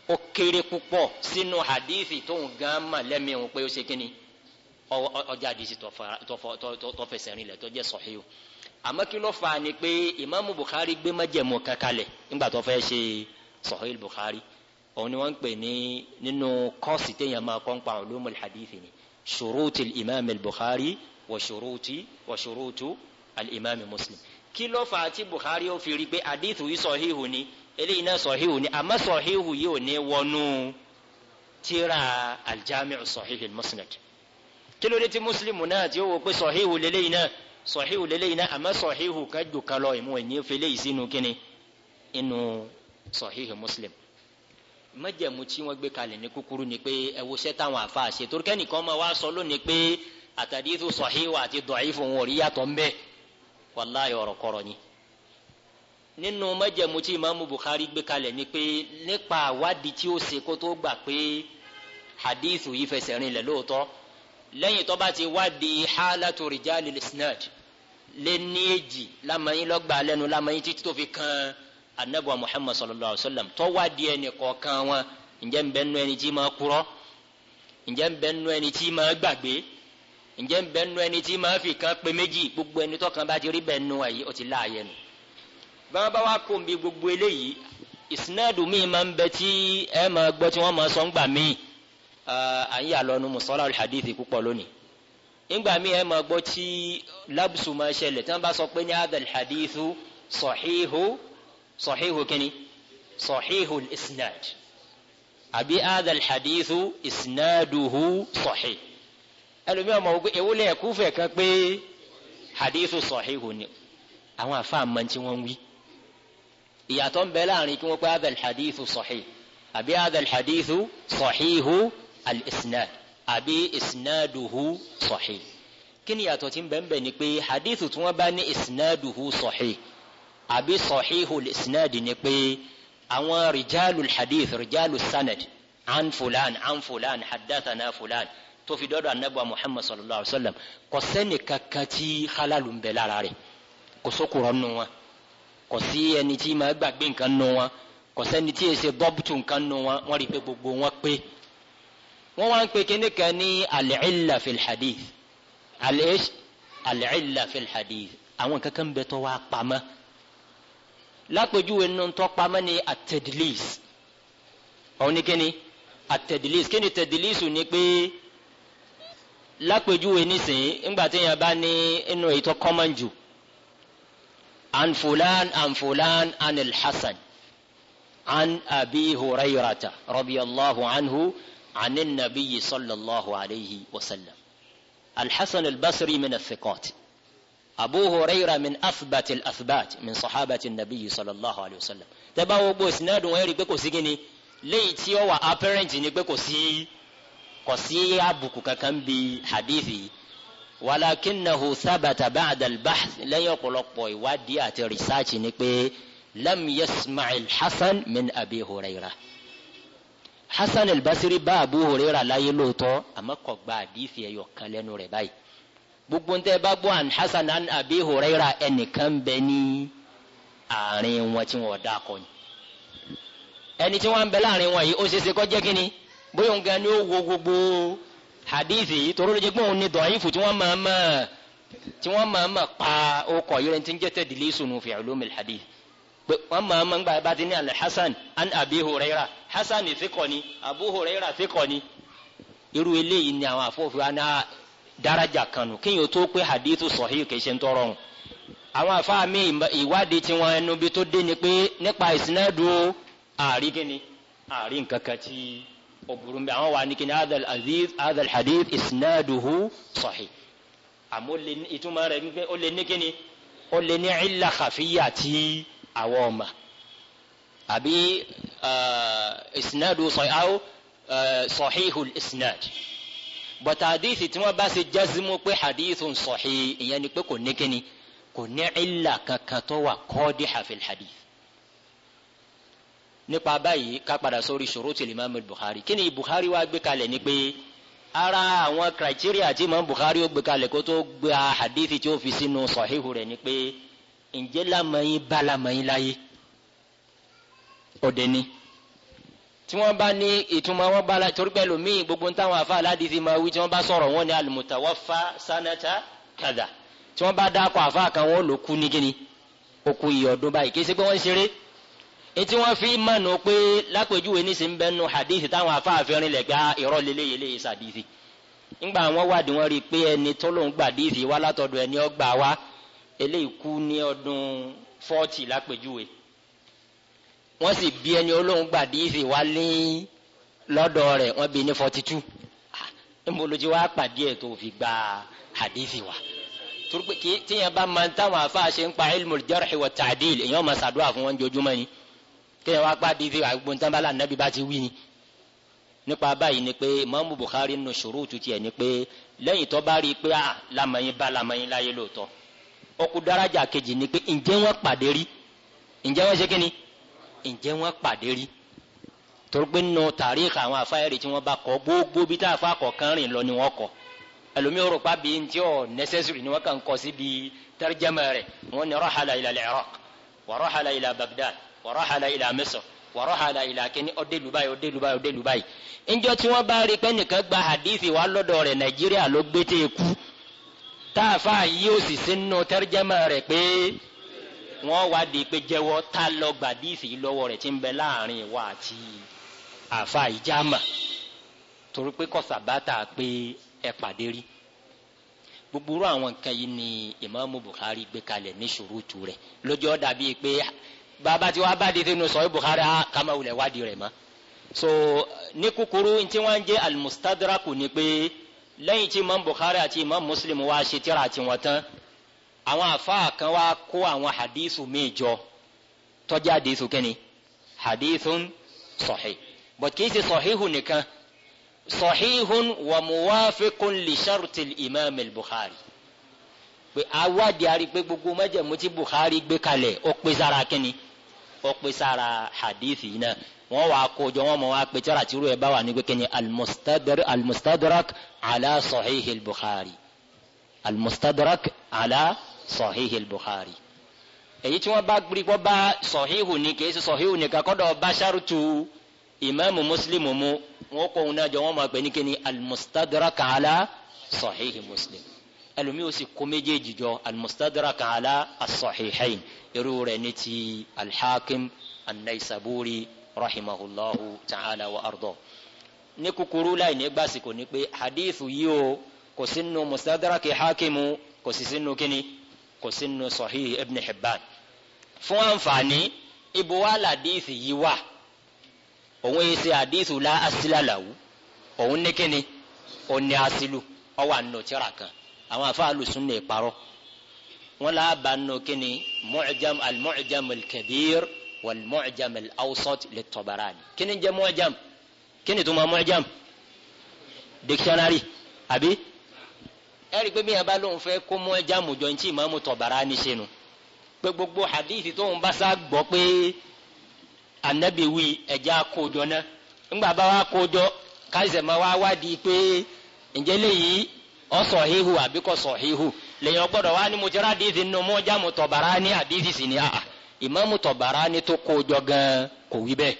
ó kéré púpọ̀ sínú hadithi tóun gan mà lẹ́mìí òun pé ó ṣe kínni ọjà àdìsí tọfẹsẹ̀ rinlẹ̀ tó jẹ́ sọ̀híù àmọ́ kí ló fà ni pé ìmáàmù Bukhari gbé májẹ̀mú kankalẹ̀ nígbà tó fẹ́ ṣe sọ̀híù Bukhari òun ni wọ́n ń pè ní nínú kọ́ọ̀sì téèyàn máa kọ́ ń pa ulumul hadithi ni shurutul imam Bukhari wàṣuruti wàṣurutu alimami muslim kí ló fà á tí buhari ó fi rí i pé hadithu yìí sọ̀híhù ni eléyìí náà sọ̀híhù ni àmọ́ sọ̀híhù yìí ò ní wọnú tíra aljamiu sọ̀híhù musnad kí ló dé tí muslim náà tí ó wò pé sọ̀híhù lélẹ́yìn náà sọ̀híhù lélẹ́yìn náà àmọ́ sọ̀híhù kájú kan lọ ìmú ẹ̀yìn fẹlẹ́ yìí sínú kínní inú sọ̀híhù muslim májẹ̀mú tí wọ́n gbé kalẹ̀ ní kúkúrú ni pé ẹ wo sẹ́tàwọn àfa àṣetò kẹ́nìkan máa wá sọ lónìí pé àtàdíìtù sọ̀híwà àti dọ̀ífù wọn ò rí yàtọ̀ ń bẹ wàláyé ọ̀rọ̀ kọ̀rọ̀ ni. nínú májẹ̀mú tí imaamu Bukhari gbé kalẹ̀ ni pé nípa àwádìí tí ó ṣe kó tó gbà pé hadith yìí fẹsẹ̀ rinlẹ̀ lóòótọ́ lẹ́yìn tó bá ti wádìí hálàtò rìjálì isnad lé ní èjì lamẹ́yìn lọ́gbà lẹ́nu lamẹ́yìn títí tó fi kan anabuwa Muhammad sallallahu alayhi wa sallam tó wádìí ẹnì kọ̀ọ̀kan wọn ǹjẹ́ ń ẹni tí máa kúrò ǹjẹ́ ń ẹni tí máa gbàgbé ǹjẹ́ ń bẹ́ẹ̀ nu ẹni tí màá fi kan pé méjì gbogbo ẹni tó kan bá ti rí bẹ́ẹ̀ nu ẹ̀yí ó ti láàyè nu báwọn bá wá kó nbí gbogbo eléyìí ìsinádù míì máa ń bẹ tí ẹ máa gbọ́ tí wọ́n máa sọ ńgbà míì à ń yà lọ́nu mùsọ́lá alhadith púpọ̀ lónìí ńgbà míì ẹ máa gbọ́ tí lábùsù máa ṣẹlẹ̀ tí wọ́n bá sọ pé ní adà alhadith sọ̀híhù sọ̀híhù kínní sọ̀híhù isnad àbí adà alhadith isnaduhu sọ̀híhù ẹlòmí ọmọ wò pé èwo lè kú fẹ kan pé hadithu sọhihu ni àwọn àfáà mọ tí wọn wí ìyàtọ̀ ń bẹ láàrin kí wọ́n pé adal hadithu sọhih àbí adal hadithu sọhihu al-isnad àbí isnaduhu sọhih kí ni ìyàtọ̀ tí ń bẹ ń bẹ ni pé hadithu tí wọ́n bá ní isnaduhu sọhih àbí sọhihu al-isnad ni pé àwọn rijalu hadith rijalu sanad an fulan an fulan haddathana fulan tó fi dọ́dọ̀ anabuwa muhammad sallallahu alayhi wa sallam kò sẹ́ni kankan tí halalu ń bẹ lára rẹ̀ kò sókòrò nù wọn kò sí ẹni tí ma gbàgbé nǹkan nù wọn kò sẹ́ni tí èsè bọ́bùtù nǹkan nù wọn wọ́n rí i pé gbogbo wọn pé wọ́n wá ń pe kíní kan ní fil hadith al-ish fil hadith àwọn kankan bẹ tó wá pamọ́ lápèjúwe nínú tó pamọ́ ní at-tadlis òun ní kíni at ni pé lápèjúwe nísìnyí ńgbà tí yẹn bá ní inú èyí tó kọ́mọ̀n jù anfulan anfulan anil hasan an abi hurayrata rabiyallahu anhu anin nabiyyi sallallahu alayhi wa sallam alhassan albasri min athiqat abu hurayra min athbat alathbat min sahabati nabiyyi sallallahu alayhi wa sallam tẹ́ bá wo gbó sinadu wọn yẹ rí i pé kò sí kíni léyìí tí ó wà apparent ni pé kò sí kò sí àbùkù kankan bí hadithi walakinahu sabata ba'da al-bahth lẹ́yìn ọ̀pọ̀lọpọ̀ ìwádìí àti rìsáàcì ni pé lam yasma'il hasan min abi huraira hasan al-basri bá abu huraira láyé lóòótọ́ àmọ́ kò gba hadithi ẹ̀yọ̀ kan lẹ́nu rẹ̀ báyìí gbogbo ntẹ bá bọ́ an hasan an abi huraira ẹnìkan bẹ ní àárín wọn tí wọn dà kọ́ ni ẹni tí wọn bẹ láàrin wọn yìí ó ṣeéṣe kó jẹ́ kínní bóyá òun gan ni ó wo gbogbo hadithi yìí torí olóye gbọ́n òun ni dọ̀yìnfù tí wọ́n máa ma tí wọ́n máa ma pa okọ̀ yìí rẹ̀ ti ń jẹ́ tẹ̀dílé sunu fi ulumil hadith wọ́n máa ma ń gba abadi ní alhassan an abi huraira hassan fikọ ni abu huraira fikọ ni irú eléyìí ni àwọn àfọwọ́fẹ́ wa náà daraja kanu kéèyàn tó pé hadithu sahih kìí ṣe ń tọrọ ọ̀hún àwọn àfáàmì ìwádìí tí wọn ẹnu bí tó dé ni pé nípa ìsinádùú àárí kíni àárí nǹkan kan tí obìnrin bẹ́ẹ̀ àwọn wà ní kíni adal hadith adal hadith isnaduhu sahih àmọ́ ìtumọ̀ rẹ̀ wípé ó lè ní kíni ó lè ní ilà kàfíyà tí àwọn ọmọ àbí isnadu sahih aw sahihul isnad bọ̀tà hadithi tí wọ́n bá ṣe jazimu pé hadithun sahih ìyẹn ni pé kò ní kíni kò ní ilà kankan tó wà kọ́ọ́dì hafil hadith nípa báyìí ká padà sórí ṣurutil Imam Bukhari kí ni Bukhari wá gbé kalẹ̀ ni pé ara àwọn criteria tí Imam Bukhari ó gbé kalẹ̀ kó tó gba hadithi tí ó fi sínú sahihu rẹ̀ ni pé ǹjẹ́ lamọ̀yin bá lamọ̀yin láyé ọ̀dẹ ni tí wọ́n bá ní ìtumọ̀ wọn bá la torí pé ẹlòmíì gbogbo táwọn afa aládìsí máa wí tí wọ́n bá sọ̀rọ̀ wọn ní al-mutawaffa sanata kada tí wọ́n bá dáko afa kan wọn ló kú ní kíni ó kú iye ọdún báyìí kí ẹ ṣe pé ṣeré etí wọn fi mọ̀nà pé lápèjúwe nísìnyí bẹ́ẹ̀ nu hadith táwọn afáàfẹ́rin lẹ̀ gba ìrọ̀ lélẹ́yẹ lè sàdíìsì ńgbà wọn wádìí wọn rí i pé ẹni tó lòún gbàdíìsì wá látọ̀dọ̀ ẹni ọgbà wá eléyìí kú ní ọdún fọ́ọ̀tì lápèjúwe wọ́n sì bí ẹni olóhùn gbàdíìsì wá ní lọ́dọ̀ rẹ̀ wọ́n bí ní forty two ńbolojú wa pàdé ẹ̀ tó fi gba hadith wa torí pé kí tíyẹn bá máa ń táwọn afáàṣe ń pa ilmul jarhi wa ta'dil èèyàn máa ṣàdúrà fún wọn jojúmọ́ ni kéèyàn wá pàdé fi àgbo ntàn bá lànàbí bá ti wí ni nípa báyìí ni pé Imamu Bukhari nù ṣurutu tiẹ̀ ni pé lẹ́yìn tó bá rí i pé a ah, lamẹ̀yìn bá lamẹ̀yìn láyé lóòótọ́ ọkù daraja kejì ni pé ǹjẹ́ wọ́n pàdé rí ǹjẹ́ wọ́n ṣe kíni ǹjẹ́ wọ́n pàdé rí torí pé nù tàríkà àwọn afáyẹ̀rì tí wọ́n bá kọ́ gbogbo bí tá a fa kọ̀ọ̀kan rìn lọ ni wọ́n kọ́ ẹlòmí ọ̀rọ̀ pa bíi ntí ọ necessary ni wọ́n kàn kọ́ sí bíi rẹ̀ wọ́n ní rahala ila iraq wa rahala ila Baghdad warahala إلى مصر warahala إلى kínní ọdẹ lùbáyì ọdẹ lùbáyì ọdẹ lùbáyì. إن tí wọ́n bá rí pé nìkan gba دوري نيجيريا lọ́dọ̀ rẹ̀ nàìjíríà ló gbé سنو ترجمة táàfà yìí ó sì sínú tẹ́rẹ́jẹ́mà rẹ̀ pé wọ́n wá di pé jẹ́wọ́ tá lọ gbàdíìsì lọ́wọ́ rẹ̀ tí ń bẹ láàrin ìwà àti àfa ìjàmà torí pé kọ̀sàbátà pé ẹ pàdé rí gbogbo àwọn nǹkan yìí ni ìmáàmù Bukhari gbé kalẹ̀ ní ṣòro tù rẹ̀ lójó dàbí pé bàbá tí wàá bá di tẹnu sọ Bukhari kama wulẹ̀ wádìí rẹ̀ mọ́ so ní kúkúrú tí wọ́n ń jẹ́ al-mustadraku ni pé lẹ́yìn tí imam Bukhari àti imam Muslim wá ṣe tíra tiwọn tán àwọn àfáà kan wá kó àwọn hadithu míì jọ tó hadithu kẹ́ni hadithun sahih but kì í ṣe sahihu nìkan sahihun wa muwafiqun li sharti imam bukhari pé awádìí arí pé gbogbo mẹ́jẹ̀mú tí Bukhari gbé kalẹ̀ ó pé sára kínní ó pé sára hadithi náà wọ́n wà á kójọ wọ́n mọ̀ wá pé tíra tìrú ẹ̀ bá wà ní pé kínní al-mustadrak ala sahihi al-Bukhari al-mustadrak ala sahihi al-Bukhari èyí tí wọ́n bá gbiri kó bá sọ̀híhù ni kì í ṣe sọ̀híhù nìkan kọ́dọ̀ bá ṣàrùtù ìmáàmù mu wọ́n kó òun náà jọ wọ́n mọ̀ pé ní kíni al ala sọ̀híhì Muslim ẹlòmíì ó sì kó méjèèjì jọ al-mustadrak ala as-sahihayn irú rẹ̀ ní ti al-hakim an-naysaburi rahimahullahu ta'ala wa ardo ní kúkúrú láì ní gbàsíkò ní pé hadithu yìí o kò sínú mustadrak hakimu kò sí sínú kíni kò sínú ibn hibban fún àǹfààní ibo wa làdíìsì yìí òun yìí ṣe àdíìsì la asílàlàwù òun ní kíni òun ní asílù ọwọ́ àná kan àwọn afa alùsùn lè parọ́ wọn là bá nù kíni mu'jam al-mu'jam al-kabir wal-mu'jam al-awsat lit-Tabarani kíni jẹ́ mu'jam kíni tó ma mu'jam dictionary àbí ẹ̀rí pé bíyàn bá lóun fẹ́ kó mu'jam jọ ní tí ìmáàmù Tabarani sínú pé gbogbo hadithi tóun bá sá gbọ́ pé anabi wi ẹja kojọ náà ńgbà bá wa kojọ káyìsẹ̀ ma wá wádìí pé ǹjẹ́ léyìí ọsọ hihu àbí kò sọ hihu lèyìn ọgbọdọ wa ni mo jẹrọ àdìsí nínú mọjàmù tọbarani àdìsí sì ni àà ìmáàmù tọbarani tó kó jọ gan kò wí bẹ́ẹ̀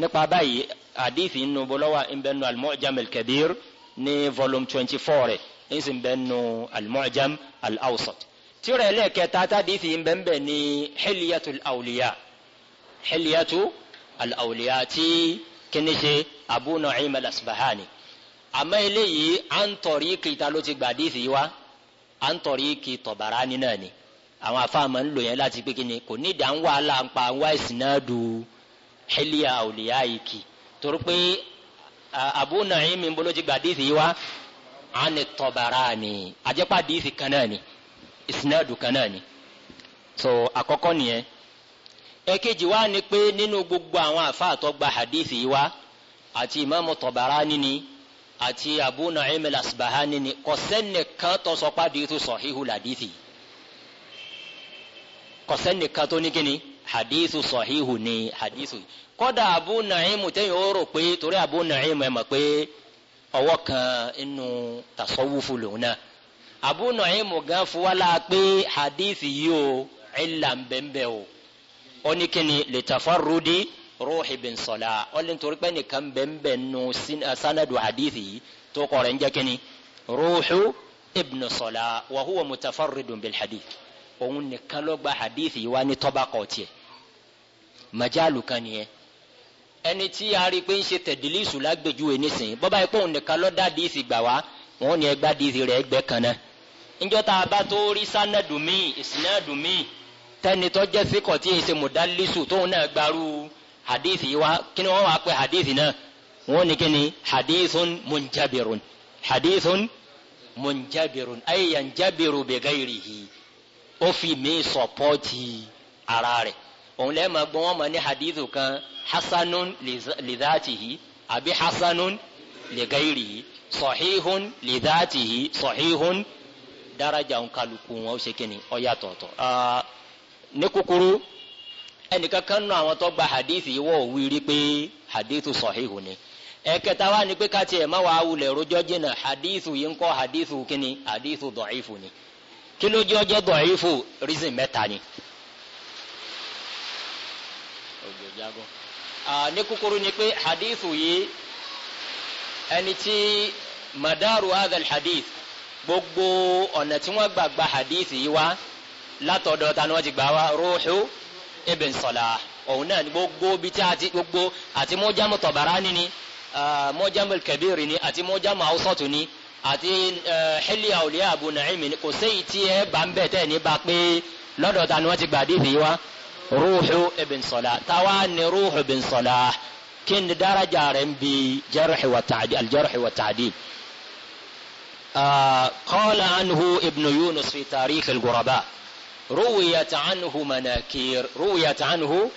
nípa báyìí àdìsí nínú bọlọwà nbẹnu al-Mu'jam al-Kabir ní volume twenty four rẹ ẹsìn bẹnu al-Mu'jam tíra ẹlẹ́ẹ̀kẹta tàdìsí nbẹnbẹ ní Hilyatul Awliya Hilyatul Awliya tí kìnìṣe Abu Nu'aym al àmọ́ eléyìí à ń tọ̀rí kìtà ló ti gbàdí sí wa à ń tọ̀rí kì tọ̀bàrà ni náà ni àwọn afáàmọ́ ń lò yẹn láti pé kí ni kò ní ìdá ń wà á là ń pa àwọn ìsìnàdù hẹ́líà òlìyá ìkì torí pé Abu Na'im ń bolo ti gbàdí sí wa à ń tọ̀bàrà ni àjẹpà dìísì kan náà ni ìsìnàdù kan náà ni so àkọ́kọ́ nìyẹn èkejì wa ni pé nínú gbogbo àwọn àfáà tó gba hadith yìí wa àti Imam Tabarani ni àti Abu Nu'aym al-Asbahani ni kò sẹ́nìkan tó sọ pé hadithu sahihul hadithi kò sẹ́nìkan tó ní kíni hadithu sahihu ni hadithu kódà Abu Nu'aym tẹ́yìn ó rò pé torí Abu Nu'aym ẹ̀ mọ̀ pé ọwọ́ kan inú tasawufu lòun náà Abu Nu'aym gan fún pé hadithi yìí o illa ń bẹ́ẹ̀ bẹ́ẹ̀ o ó ní kíni litafarrudi. Ruhi bin Salah wọ́n lè nítorí pé nìkan bẹ́ẹ̀ nù eh, sanadu hadithi tó kọ̀ rẹ̀ ń jẹ́ kínní Ruhu ibn Salah wa huwa mutafarridun bil hadith òun nìkan ló gba hadithi wa ní tọ́ba kọ̀ tiẹ̀ majalu kan nìyẹn ẹni tí a rí i pé ń ṣe tẹ̀dílísù lágbèjúwe nísìnyí bọ́bá yìí pé òun nìkan ló dá hadithi gbà wá wọn ni ẹgbẹ́ hadithi rẹ̀ ẹgbẹ́ kan náà a bá tó rí sanadu míì ìsinadu míì tẹ́nitọ́ jẹ́ síkọ̀ tí èsì mọ̀dálísù tóun náà gbarú hadith yìí wá kí ni wọ́n wá pé hadith náà wọ́n ní kí ni hadithun munjabirun hadithun munjabirun ay yanjabiru bi ghairihi ó fi mí sọpọ́tì ara rẹ̀ òun lẹ́ẹ̀ máa gbọ́ wọ́n máa ní hadithu kan hasanun lidhatihi àbí hasanun ligairihi sọ̀híhun lidhatihi sọ̀híhun daraja nkaluku wọn ó ṣe kí ni ó yàtọ̀ọ̀tọ̀. Ah, ẹnìkankan nù àwọn tó gba hadith yìí wọ́n ò wí rí pé hadithu sọ̀híhù ni ẹ̀kẹta wa ni pé káti ẹ̀ má wàá wulẹ̀ rojọ́ jìnnà hadithu yìí ń kọ́ hadithu kínni hadithu dọ̀ífù ni kí ló jẹ́ ọjọ́ dọ̀ífù reason mẹ́ta ni. ní kúkúrú ni pé hadithu yìí ẹni tí madaru hadal hadith gbogbo ọ̀nà tí wọ́n gbà gba yìí wá látọ̀dọ̀ ta ni wọ́n ti gbà wá ruuxu. ibn Salah òun náà ni gbogbo bí tí àti gbogbo àti mọ́jàmù Tabarani ni mọ́jàmù Kabiri ni àti mọ́jàmù Awsatu ni àti Hilya Awliya Abu Na'im ni kò séyìí tí ẹ bá ń bẹ̀ tẹ́ ní bá pé lọ́dọ̀ ta ni wọ́n ti gbà dé wa ruuxu ibn Salah táwa ni ruuxu ibn Salah kí ni daraja bi jarhi wa ta'dil al wa ta'dil. قال عنه ابن يونس في تاريخ الغرباء رويت عنه مناكير رويت عنه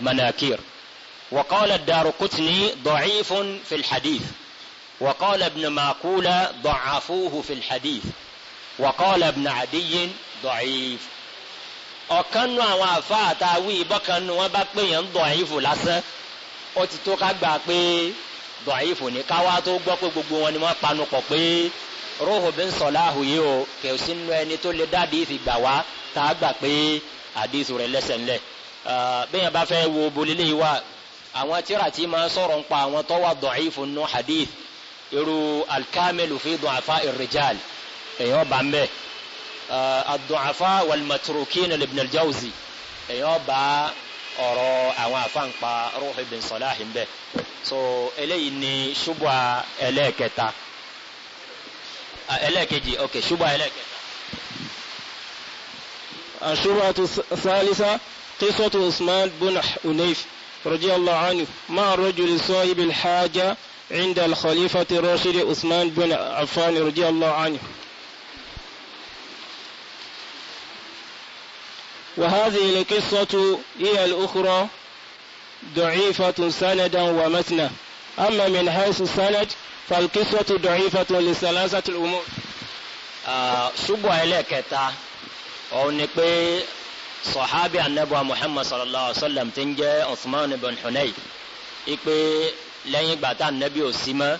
مناكير وقال الدار قتني ضعيف في الحديث وقال ابن ماقولة ضعفوه في الحديث وقال ابن عدي ضعيف وكان وفاة تاوي بكن وبقي ضعيف لسا أتتوك باقي ضعيف نكاواتو توقف بقبو ونما طانو قبي روح بن صلاح يو كيو سنو تولي دادي في بواك tá a gbà pé àdìsù rẹ̀ lẹ́sẹ̀ ńlẹ̀ bẹ́ẹ̀ bá fẹ́ wo bolilé wa àwọn tíra tí máa sọ̀rọ̀ ń pa àwọn tó wà dọ̀ọ́ìfù nù hadith irú alkamilu fi du'afa irrijal èèyàn bá ń bẹ̀ ad-du'afa wal-matrukin ibn al-jawzi èèyàn bá ọ̀rọ̀ àwọn afáǹpa ruhu ibn salahi ń bẹ̀ so eléyìí ni ṣubú ẹlẹ́ẹ̀kẹta ẹlẹ́ẹ̀kejì ok ṣubú ẹlẹ́ẹ̀kẹta. الشبهة الثالثة قصة عثمان بن حنيف رضي الله عنه مع الرجل صاحب الحاجة عند الخليفة الراشد عثمان بن عفان رضي الله عنه وهذه القصة هي الأخرى ضعيفة سندا ومتنا أما من حيث السند فالقصة ضعيفة لثلاثة أمور. آه شبهة لك òun ni pé sọ̀hábì anabuwa muhammad sallallahu alaihi wa sallam ti ń jẹ́ Uthman ibn Hunay ipe lẹ́yìn ìgbà tá anabi ò sí mọ́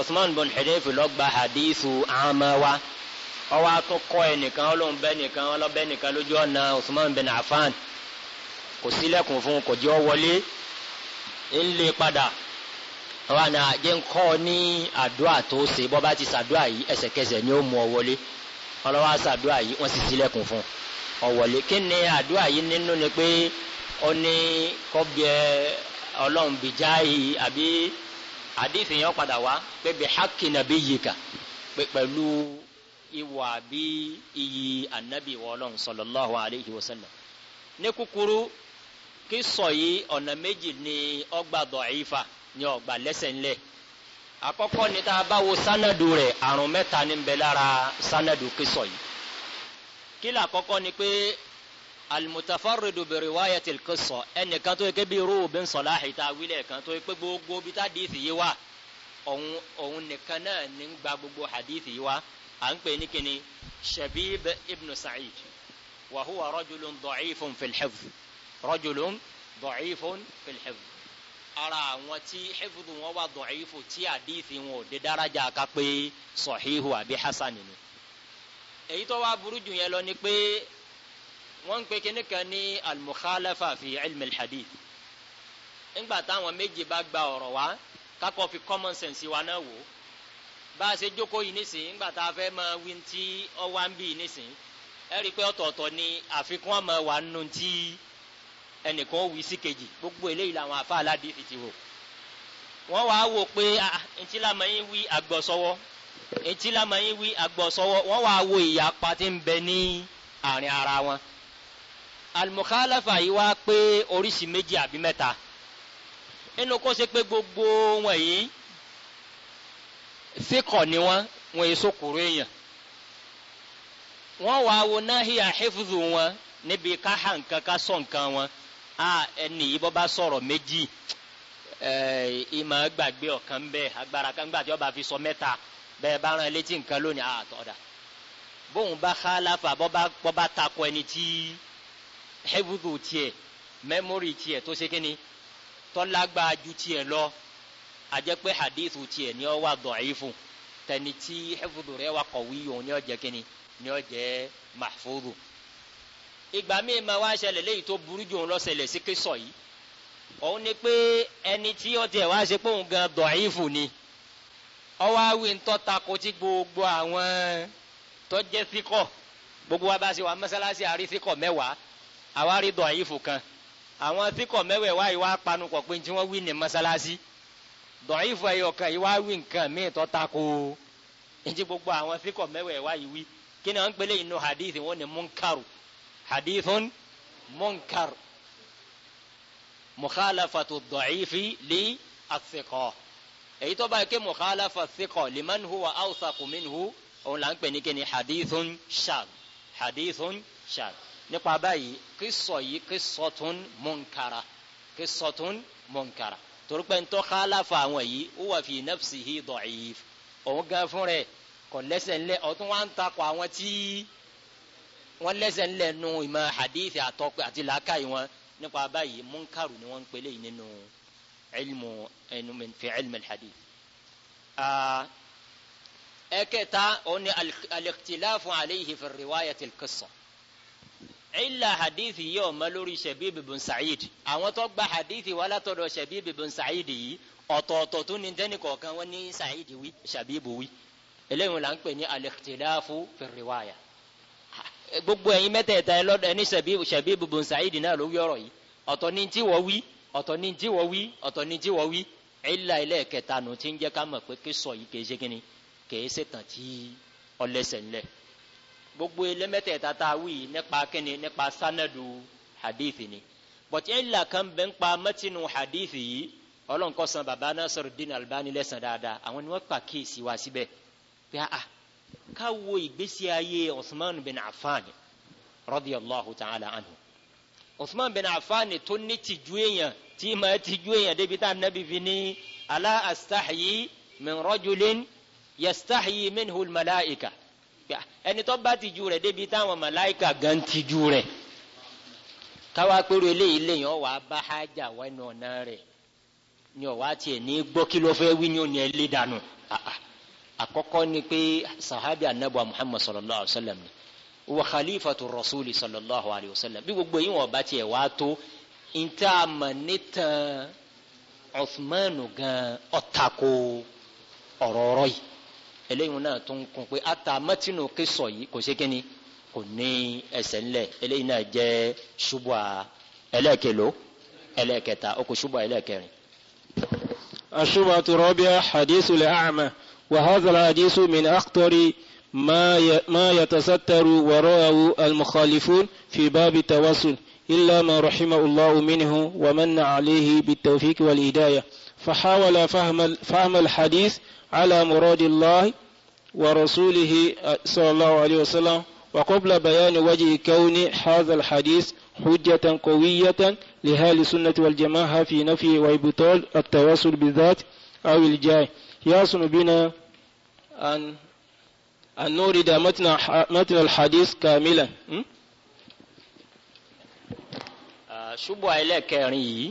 Uthman ibn Hunay fi lọ gba hadithu ama wa ọwọ́ akọ́kọ́ ẹnìkan ọlọ́run bẹ́ẹ̀ nìkan ọlọ́bẹ́ nìkan lójú ọ̀nà Uthman bin Affan kò sílẹ̀kùn fún kò jẹ́ ọ wọlé ń lé padà wọn jẹ́ ń kọ́ ní àdúrà tó ṣe bọ́ bá ti ṣàdúrà yìí ẹsẹ̀kẹsẹ̀ ni ó mú ọ wọlé ọlọ́wọ́ àṣà àdúrà yìí wọ́n sì sílẹ̀kùn fún ọ̀wọ̀lé kí ni àdúrà yìí nínú ni pé ó ní kọ́bíẹ ọlọ́run bìjá yìí àbí àdìsí yẹn padà wá pé bí hákì nàbí yìí kà pé pẹ̀lú ìwà àbí iyì ànábì wọlọ́run sallallahu alayhi wa sallam ní kúkúrú kí sọ yìí ọ̀nà méjì ni ọgbà dọ̀ífà ni ọgbà lẹ́sẹ̀ ńlẹ̀ àkọ́kọ́ ni tá a bá wo sanadu rẹ̀ àrùn mẹ́ta ní bẹ lára sanadu kisọ yìí kílà àkọ́kọ́ ni pé alimutafarridu bi riwayatil qissa ẹnìkan tó yẹ kébi irú bin Salahi tá a wílẹ̀ kan tó yẹ gbogbo bí tá a dìísì yìí wá òun òun nìkan náà gba gbogbo hadith yìí wá à ń pè ní kíni Shabib ibn Sa'id wa huwa rajulun da'ifun fil hifz rajulun ara àwọn tí hifudhu wọn wà dọ̀ọ́yìfò tí àdìsí wọn ò dé dáradà ká pé sọ̀híhù àbí hasan ni. èyí tó wá burú jù yẹn lọ ni pé wọ́n ń pe kíní kan ní al-mukhalafa fi ilmi al-hadith. ńgbà táwọn méjì bá gba ọ̀rọ̀ wá kákọ́ fi common sense wa náà wò bá a ṣe jókòó yìí nísìnyí ńgbà tá a fẹ́ máa wí ti ọwá ń bì nísìnyí ẹ rí i pé ọ̀tọ̀ọ̀tọ̀ ni àfikún ọmọ wa nù ti ẹnìkan ó wí sí kejì gbogbo eléyìí làwọn afa aládìí fi ti wò wọ́n wá wò pé ntí lamẹ́yìn wí agbọ̀sọ́wọ́ ntí lamẹ́yìn wí agbọ̀sọ́wọ́ wọ́n wá wò ìyapa tí ń bẹ ní àárín ara wọn alimukhalafa yìí wá pé oríṣi méjì àbí mẹ́ta nínú kó ṣe pé gbogbo wọn yìí fíkọ̀ ni wọ́n wọ́n èso kúrò èèyàn wọ́n wá wò náà híyà hifzu wọn níbi ká hà nǹkan ká sọ nǹkan wọn. ha enyi bá sọ̀rọ̀ méjì ìmọ̀ gbàgbé ọ̀kan bẹ́ẹ̀ agbára kan gbàgbé ọba fi sọ mẹ́ta bẹ́ẹ̀ bá rán létí nǹkan lónìí àtọ̀dà bóun bá khalafa bọ́ bá takọ ẹni tí hẹ́fúdù tiẹ̀ mẹ́mórì tiẹ̀ tó ṣe kínní tọ́lágbá ju tiẹ̀ lọ ajẹ́pẹ́ hadithu tiẹ̀ ni ọ wà dọ̀ọ́yìfù tẹni tí wà kọ̀wé yòó ni ọ jẹ́ ìgbà míì máa wá ṣẹlẹ̀ léyìí tó burú jù ń lọ ṣẹlẹ̀ sí kí sọ yìí òun ni pé ẹni tí ó tiẹ̀ wá ṣe pé òun gan dọ̀ífù ni ọwọ́ awi ń tọ́ ta ko tí gbogbo àwọn tó jẹ́ síkọ̀ gbogbo wa bá ṣe wà mọ́sálásí àrí síkọ̀ mẹ́wàá àwa rí dọ̀ífù kan àwọn síkọ̀ mẹ́wẹ̀ẹ́wá yìí wá panupọ̀ pé tí wọ́n wí ní mọ́sálásí dọ̀ífù ẹ̀yọ̀ kan yìí wá wí nǹkan míì tó ta ko ní gbogbo àwọn síkọ̀ mẹ́wẹ̀ẹ́wá yìí wí kí ni wọ́n ń pele inú hadith wọn ni munkaru حديث منكر مخالفة الضعيف للثقة èyí tó báyìí ké mukhalafa thiqa liman huwa awthaqu minhu òun là ń pè ní kíni hadithun shad hadithun shad nípa báyìí qissa yìí qissatun munkara qissatun munkara torípé ntọ́ khalafa àwọn yìí huwa fi nafsihi da'if òun gan fún rẹ̀ kò lẹ́sẹ̀ ńlẹ̀ ọ̀tún wa ń takò àwọn tí wọ́n lẹ́sẹ̀ ńlẹ̀ nu ìmọ̀ hadith àtọ́pẹ́ àti làákàyè wọn nípa báyìí munkaru ni wọ́n ń pele yìí nínú ilmu ẹnu fi ilmu hadith. ẹ̀kẹta òun ni al-ikhtilafu alayhi fi riwayati al-qissa illa hadithi yìí ọmọ lórí Shabib ibn Sa'id àwọn tó gba hadithi wá látọ̀dọ̀ Shabib ibn Sa'id yìí ọ̀tọ̀ọ̀tọ̀ tó ní dẹ́ni kọ̀ọ̀kan wọn ní Sa'id wí Shabib wí eléyìí wọn là ń pè ní al fi riwaya gbogbo ẹ̀yin mẹ́tẹ̀ẹ̀ta ẹ lọ́dọ̀ ẹni Shabib bun Sa'id náà ló wí ọ̀rọ̀ yìí ọ̀tọ̀ ni tí wọ́n wí ọ̀tọ̀ ni tí wọ́n wí ọ̀tọ̀ ni tí wọ́n wí ẹ̀la ilé kẹta nù tí ń jẹ́ ká mọ̀ pé kí sọ yìí kìí ṣe kí ni kìí ṣe tàn tí ọlẹ́sẹ̀ ńlẹ̀ gbogbo ilé mẹ́tẹ̀ẹ̀ta tá a wí nípa kí ni nípa sanadu hadithi ni bọ̀tí ẹ̀la kan bẹ́ẹ̀ ń pa mẹ́tinu hadithi yìí ọlọ́nkọ́sán baba Nasiruddin Albani lẹ́sàn dáadáa àwọn ni wọ́n pa kéèsì wá síbẹ̀ pé ah ká wo ìgbésí ayé Usman bin Affan radiyallahu ta'ala anhu Usman bin Affan tó ní tìjú èèyàn tí ma tìjú èèyàn débi tá nàbí fi ní ala astahyi min rajulin yastahyi minhu al-malaika ẹni tó bá tìjú rẹ̀ débi táwọn malaika gan tìjú rẹ̀ káwa péré eléyìí lẹ́yìn ọwọ abáhájà wẹnu ọ̀nà rẹ̀ ni ọwọ àti ẹ̀ ní gbọ́ kí ló fẹ́ wí ni ó ní ẹ lé dànù. Ah, ah àkọ́kọ́ ni pé sahabi anabu muhammad sallallahu alayhi wa sallam ni wa khalifatu rasuli sallallahu alayhi wa sallam bí gbogbo yín wọn bá tiẹ̀ wá tó nta àmà nítan ọ̀fùmánù gan ọ̀tàkó ọ̀rọ̀ ọ̀rọ̀ yìí eléyìí náà tó ń kún pé ata mẹ́tìnú ké sọ yìí kò ṣe kí ni kò ní ẹsẹ̀ ńlẹ̀ eléyìí náà jẹ́ ṣubúà ẹlẹ́kẹ̀ló ẹlẹ́kẹta ó kò ṣubúà ẹlẹ́kẹrin. àṣùbà tó rọ́bíà hadithul a'ma. وهذا الحديث من أخطر ما ما يتستر وراءه المخالفون في باب التواصل إلا ما رحم الله منه ومن عليه بالتوفيق والهداية فحاول فهم فهم الحديث على مراد الله ورسوله آه، صلى الله عليه وسلم وقبل بيان وجه كون هذا الحديث حجة قوية لأهل السنة والجماعة في نفي وإبطال التواصل بالذات أو الجاه يصن بنا أن أن نورد متن متن الحديث كاملا ṣubu ẹlẹ́kẹrin yìí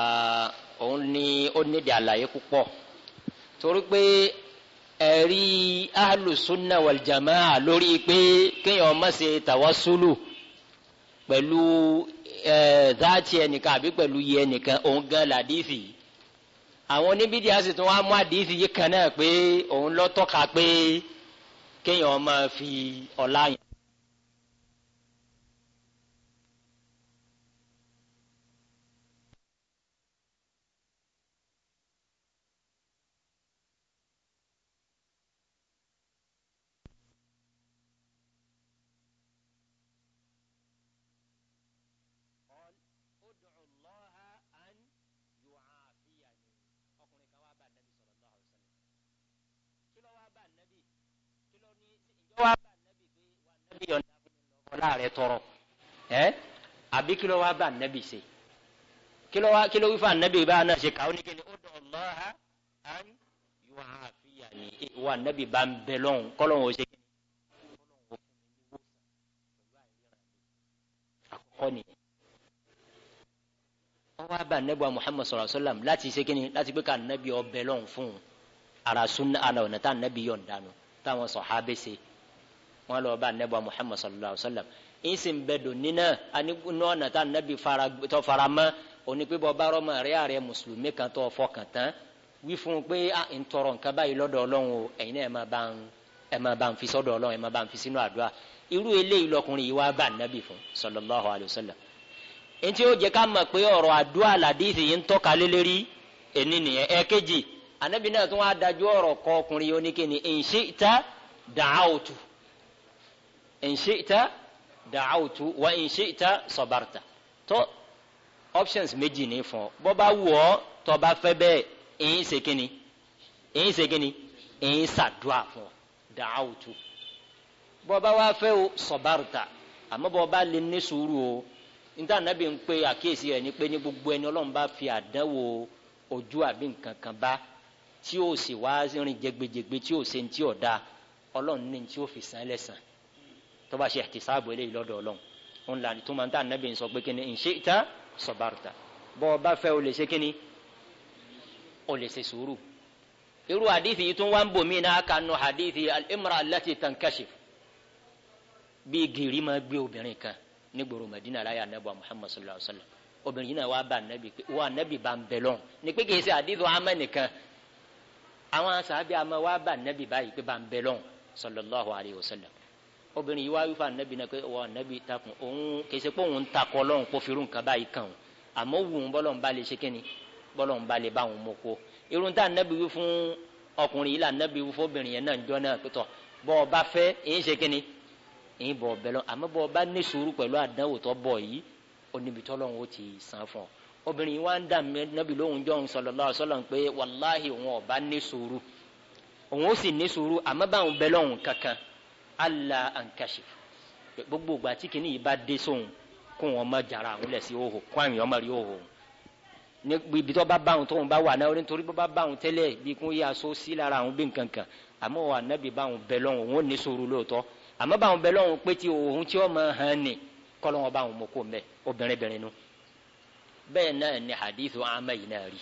ah, òun ni ó nídìí àlàyé púpọ̀ torí pé ẹ̀rí ahlùsúnà wàlìjàmá lórí pé kéèyàn má ṣe tàwásúlù pẹ̀lú ẹ̀ẹ́dáàtì eh, ẹnìkan àbí pẹ̀lú yẹ ẹnìkan òun gan làdífì yìí àwọn oníbídì àti tí wọ́n mú àdìsí yìí kan náà pé òun lọ́tọ́ka pé kéèyàn máa fi ọ̀la yẹn. rẹ tọrọ ẹ àbí kí ló wá bá ànábì ṣe kí ló wá kí ló wí fún ànábì bá ànábì ṣe káwọn ní kíni ó dọ̀ lọ́ha án yóò hà fìyà ní ìwà ànábì bá ń bẹ lọ́hùn kọ́lọ́hùn ó ṣe kí àkọ́kọ́ nìyẹn wọ́n wá bá ànábì wa muhammad sallallahu alaihi wa sallam láti ṣe kíni láti pé ká ànábì ọbẹ̀ lọ́hùn fún ara sunna ara ọ̀nà tá ànábì yọ̀ ń dànù táwọn sọ̀hábẹ́ ṣe wọ́n lọ bá ànábì wa muhammad sallallahu ń sì ń bẹ dòní náà anínú ọ̀nà tá nàbí tó fara mọ́ òní pé bọ́ bárọ̀ mọ́ rẹ́ ààrẹ mùsùlùmí kan tó fọkàn tán wí fún un pé à ń tọrọ nǹkan báyìí lọ́dọ̀ ọlọ́run o ẹ̀yin náà ẹ máa bá ń ẹ máa bá ń fi sọ́dọ̀ ọlọ́run ẹ máa bá ń fi sínú àdúrà irú eléyìí lọkùnrin yìí wá bá nàbí fún sallallahu alayhi wa sallam ntí ó jẹ ká mọ̀ pé ọ̀rọ̀ àdúrà làdíìsì yìí ń tọ́ka lé lérí ẹni nìyẹn ẹ̀ẹ̀kejì anabi náà dàáwùtú wa in shi'ta sabarta to options méjì ní fún ọ bó bá wù ọ tó bá fẹ́ bẹ́ẹ̀ èyí ṣe kíni èyí ṣe kíni èyí ṣàdúrà fún ọ dàáwùtú bó o sabarta àmọ́ bó bá lè ní sùúrù o níta nàbí ń pe àkíyèsí rẹ̀ ni pé ní gbogbo ẹni ọlọ́run bá fi àdánwò ojú àbí nǹkan kan bá tí ó sì wá rìn jẹgbẹjẹgbẹ tí ó ṣe ní tí da ọlọ́run ní ní tí fi san ẹlẹ́sàn tó bá ṣe ihtisabu eléyìí lọ́dọ̀ Ọlọ́run òun là tó máa ń tà nábì ń sọ pé kíni in shi'ta sabarta bọ́ ọ bá fẹ́ o lè ṣe kíni o lè ṣe sùúrù irú hadithi yìí tún wá ń bò mí náà kanu hadithi al-imra allati tankashif bí gìrì máa gbé obìnrin kan ní gbòòrò Madina láyé anabi Muhammad sallallahu alaihi wa sallam obìnrin yìí náà wá bá anabi pé wọ́n anabi bá ń bẹ lọ́n ní pé kìí ṣe àdìsọ amẹ́ nìkan àwọn sàábì àmọ́ wá bá anabi báyìí pé bá ń bẹ lọ́n sallallahu alaihi wa sallam obìnrin yìí wá wípé anabi náà pé ọ anabi takùn òun kèsì pé òun takọ ọlọ́run kó fi irú nǹkan báyìí kàn ọ́n àmọ́ wù ú bọ́lọ̀ ń bá lè ṣe kíni bọ́lọ̀ ń bá lè bá òun mú kó irun tá anabi wí fún ọkùnrin yìí là anabi wí fún obìnrin yẹn náà ń jọ náà pẹ̀tọ̀ bọ́ ọ bá fẹ́ èyí ṣe kíni èyí bọ̀ ọbẹ̀ lọ àmọ́ bọ́ ọ bá ní sùúrù pẹ̀lú àdánwò tó bọ̀ yìí oníbitọ́ lọ́run ó ti san fún ọ obìnrin yìí wá ń dà nábì lóhùn jọ́hún òun ọ̀bá allah ankashif gbogbo ìgbà tí kìíní yìí bá dé sóhun kó wọn má jara àwọn lẹsí òhò kó àwọn èèyàn má rí òhò ibi tó bá bá àwọn tóun bá wà náà nítorí bó bá bá àwọn tẹ́lẹ̀ bí kún yíya so sí lára àwọn bí nǹkan kan àmọ́ wà nábì bá àwọn bẹ lọ́hùn òun ò ní sòrò lóòótọ́ àmọ́ bá àwọn bẹ lọ́hùn pé ti òun tí ó mọ hàn ní kọ́ lọ́wọ́ bá àwọn mọ̀ kó mẹ́ obìnrin bìnrin nu bẹ́ẹ̀ náà ni hadithu amayi náà rí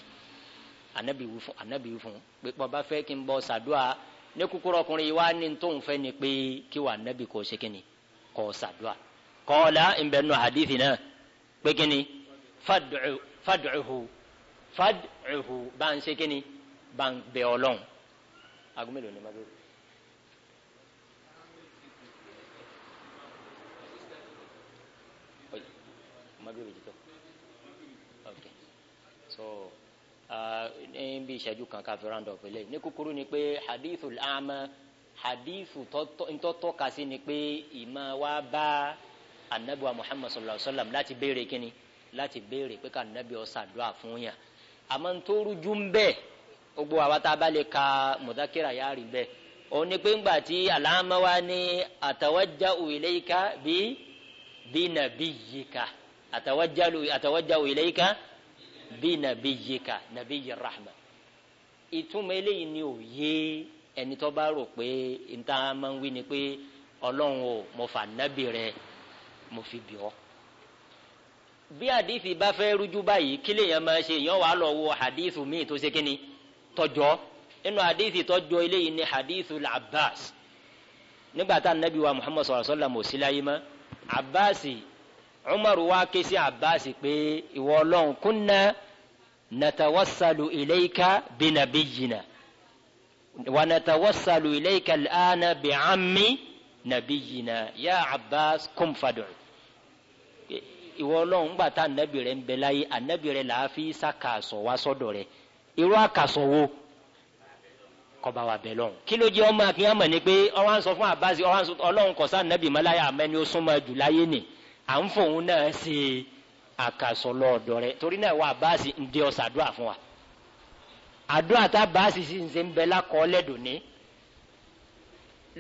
anabi wí fún anabi wí fún pé bá fẹ́ kí n bọ́ sàdúrà ní kúkúrú ọkùnrin yìí wá ní tó ń fẹ́ ni pé kí wà nẹ́bí kò ṣe kíni kò ṣàdúrà kọ́ọ̀lá ìbẹ̀nu hadithi na pé kíni fad'uhu fad'uhu bá ń ṣe agumelo ni magere. magere okay so níbi ah, eh, ìṣẹ́jú kan ká fi round up eléyìí ní kúkúrú ni pé hadithul ama hadithu ntọ́tọ́ ka sí ni pé ìmọ̀ wa bá anabiwa muhammad sallallahu alaihi wa sallam láti béèrè kíni láti béèrè pé ká anabi ó ṣàdúrà fún yàn àmọ́ ntóoru ju ń bẹ́ẹ̀ gbogbo àwa tá a bá lè ka mudakira yá rí bẹ́ẹ̀ òun ni pé ńgbà tí alama wa ní atawajja'u ilayka bí bí nàbí yìí ká atawajja'u ilayka bí nàbí yíka nàbí yí rahma ìtumọ̀ eléyìí ni ò yé ẹni tó bá rò pé níta máa ń wí ni pé ọlọ́run o mo fà nábì rẹ mo fi bì ọ́ bí àdìsí bá fẹ́ rújú báyìí kí lèèyàn máa ṣe èèyàn wàá lọ wo àdìsí míì tó ṣe kínní tọjọ́ inú àdìsí tọjọ́ eléyìí ni àdìsí Abbas nígbà tá a nàbí wa Muhammad sallallahu alaihi wasallam ò sí láyé mọ́ Abbas umar wa ké sí abbas pé ìwọ ọlọ́run kúnna natawassalu ilayka binabiyina wa natawassalu ilayka al'ana bi'ammi nabiyina ya abbas kum fad'u ìwọ ọlọ́run gbà tá ànábì rẹ ń bẹ láyé ànábì rẹ làá fi sàkàsọ wá sọ́dọ̀ rẹ irú àkàsọ wo kọba wa bẹ lọhùn kí ló jẹ ni pé ọwọ fún abasi ọwọ à ń sọ ọlọ́run kọsá ànábì mọ à ń fòun náà ṣe àkàsọ̀ lọ́ọ̀dọ̀ rẹ̀ torí náà wà báàsì ń dé ọ̀sà àdúrà fún wa àdúrà tá báàsì sì ń ṣe ń bẹ lákọọ́lẹ̀ dòní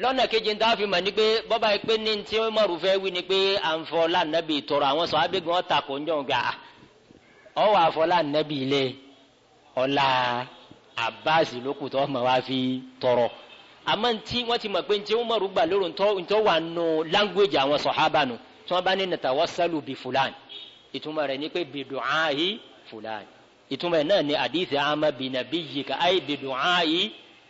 lọ́nà kejì tá a fi mọ̀ ni pé bọ́bá yìí pé ní tí ó mọ̀rù fẹ́ wí ni pé à ń fọ lánàbì tọrọ àwọn sọ abégun ọ̀tà kò ń jọ̀ǹgà ọ̀ wà fọ lánàbì ilé ọ̀la àbáàsì lókùtọ̀ ọmọ wa fi tọrọ àmọ́ ntí wọ́n ti mọ̀ pé ntí ó mọ̀rù gbà lóru ntọ́ wà nù láńgbèjì àwọn sọ̀hábà nù. tí wọ́n bá ní natawassalu bí fulan ìtumọ̀ rẹ̀ wasalu bi fulan ituma re ni pe bidu'ayi fulan ìtumọ̀ náà ni àdìsí ama bi nabiyyika ayi bidu'ayi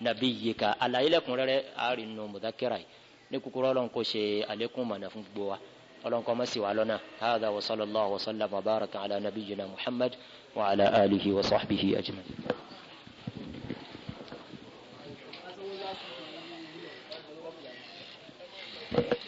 nabiyyika àlàyé lẹ́kùnrẹ́rẹ́ àárín nù mudhakira yìí ní kúkúrú ọlọ́run kò ṣe àlékún mọ̀nà fún gbogbo wa ọlọ́run kò ṣì wá lọ́nà hadha wa sallallahu wa sallam wa baraka ala nabiyyina muhammad wa ala alihi wa sahbihi ajma'in. Thank you.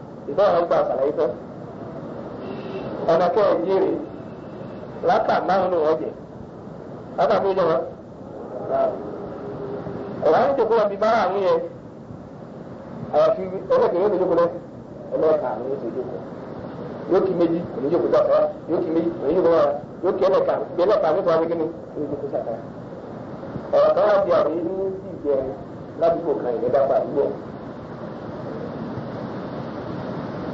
ìbá àwọn gba àṣàlàyé tán ọ̀nà kẹ́ ẹ̀ látà márùn ní ọ̀jẹ̀ látà mí lọ́wọ́ ọ̀rọ̀ àwọn ìjòkó wọn bí bára àwọn yẹn àyàfi ọlọ́kìnrin yóò dojúkọ lọ ọlọ́ọ̀ta àwọn yóò dojúkọ yóò kí méjì kò yóò kó sàkàrà yóò kí méjì kò yóò kó sàkàrà yóò kí ẹlẹ́ka bí ẹlẹ́ka ní fún yóò kó sàkàrà ọ̀rọ̀ kan wà bí àwọn yìí ní ìjẹ ládùúgbò kan ìrẹ́dàgbà ìgbẹ́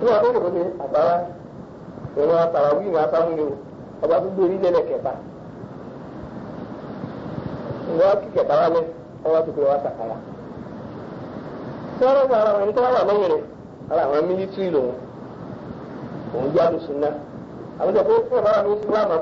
ní wọn lóko ní àbáwá ìwọn àtàwáwí ìwọn ni yòó ọba tó gbórí lẹ́lẹ̀ kẹta ìwọn kí kẹta wá lẹ ọba tó gbórí wá sàkàrà sọ́ọ́rọ́ gba ara wọn ní tọ́wọ́ àwọn mẹ́rin ara àwọn mílítírì lòun òun jáde sùn náà àwọn ìjọba ó fún ọ̀rọ̀ àwọn oṣù wa mà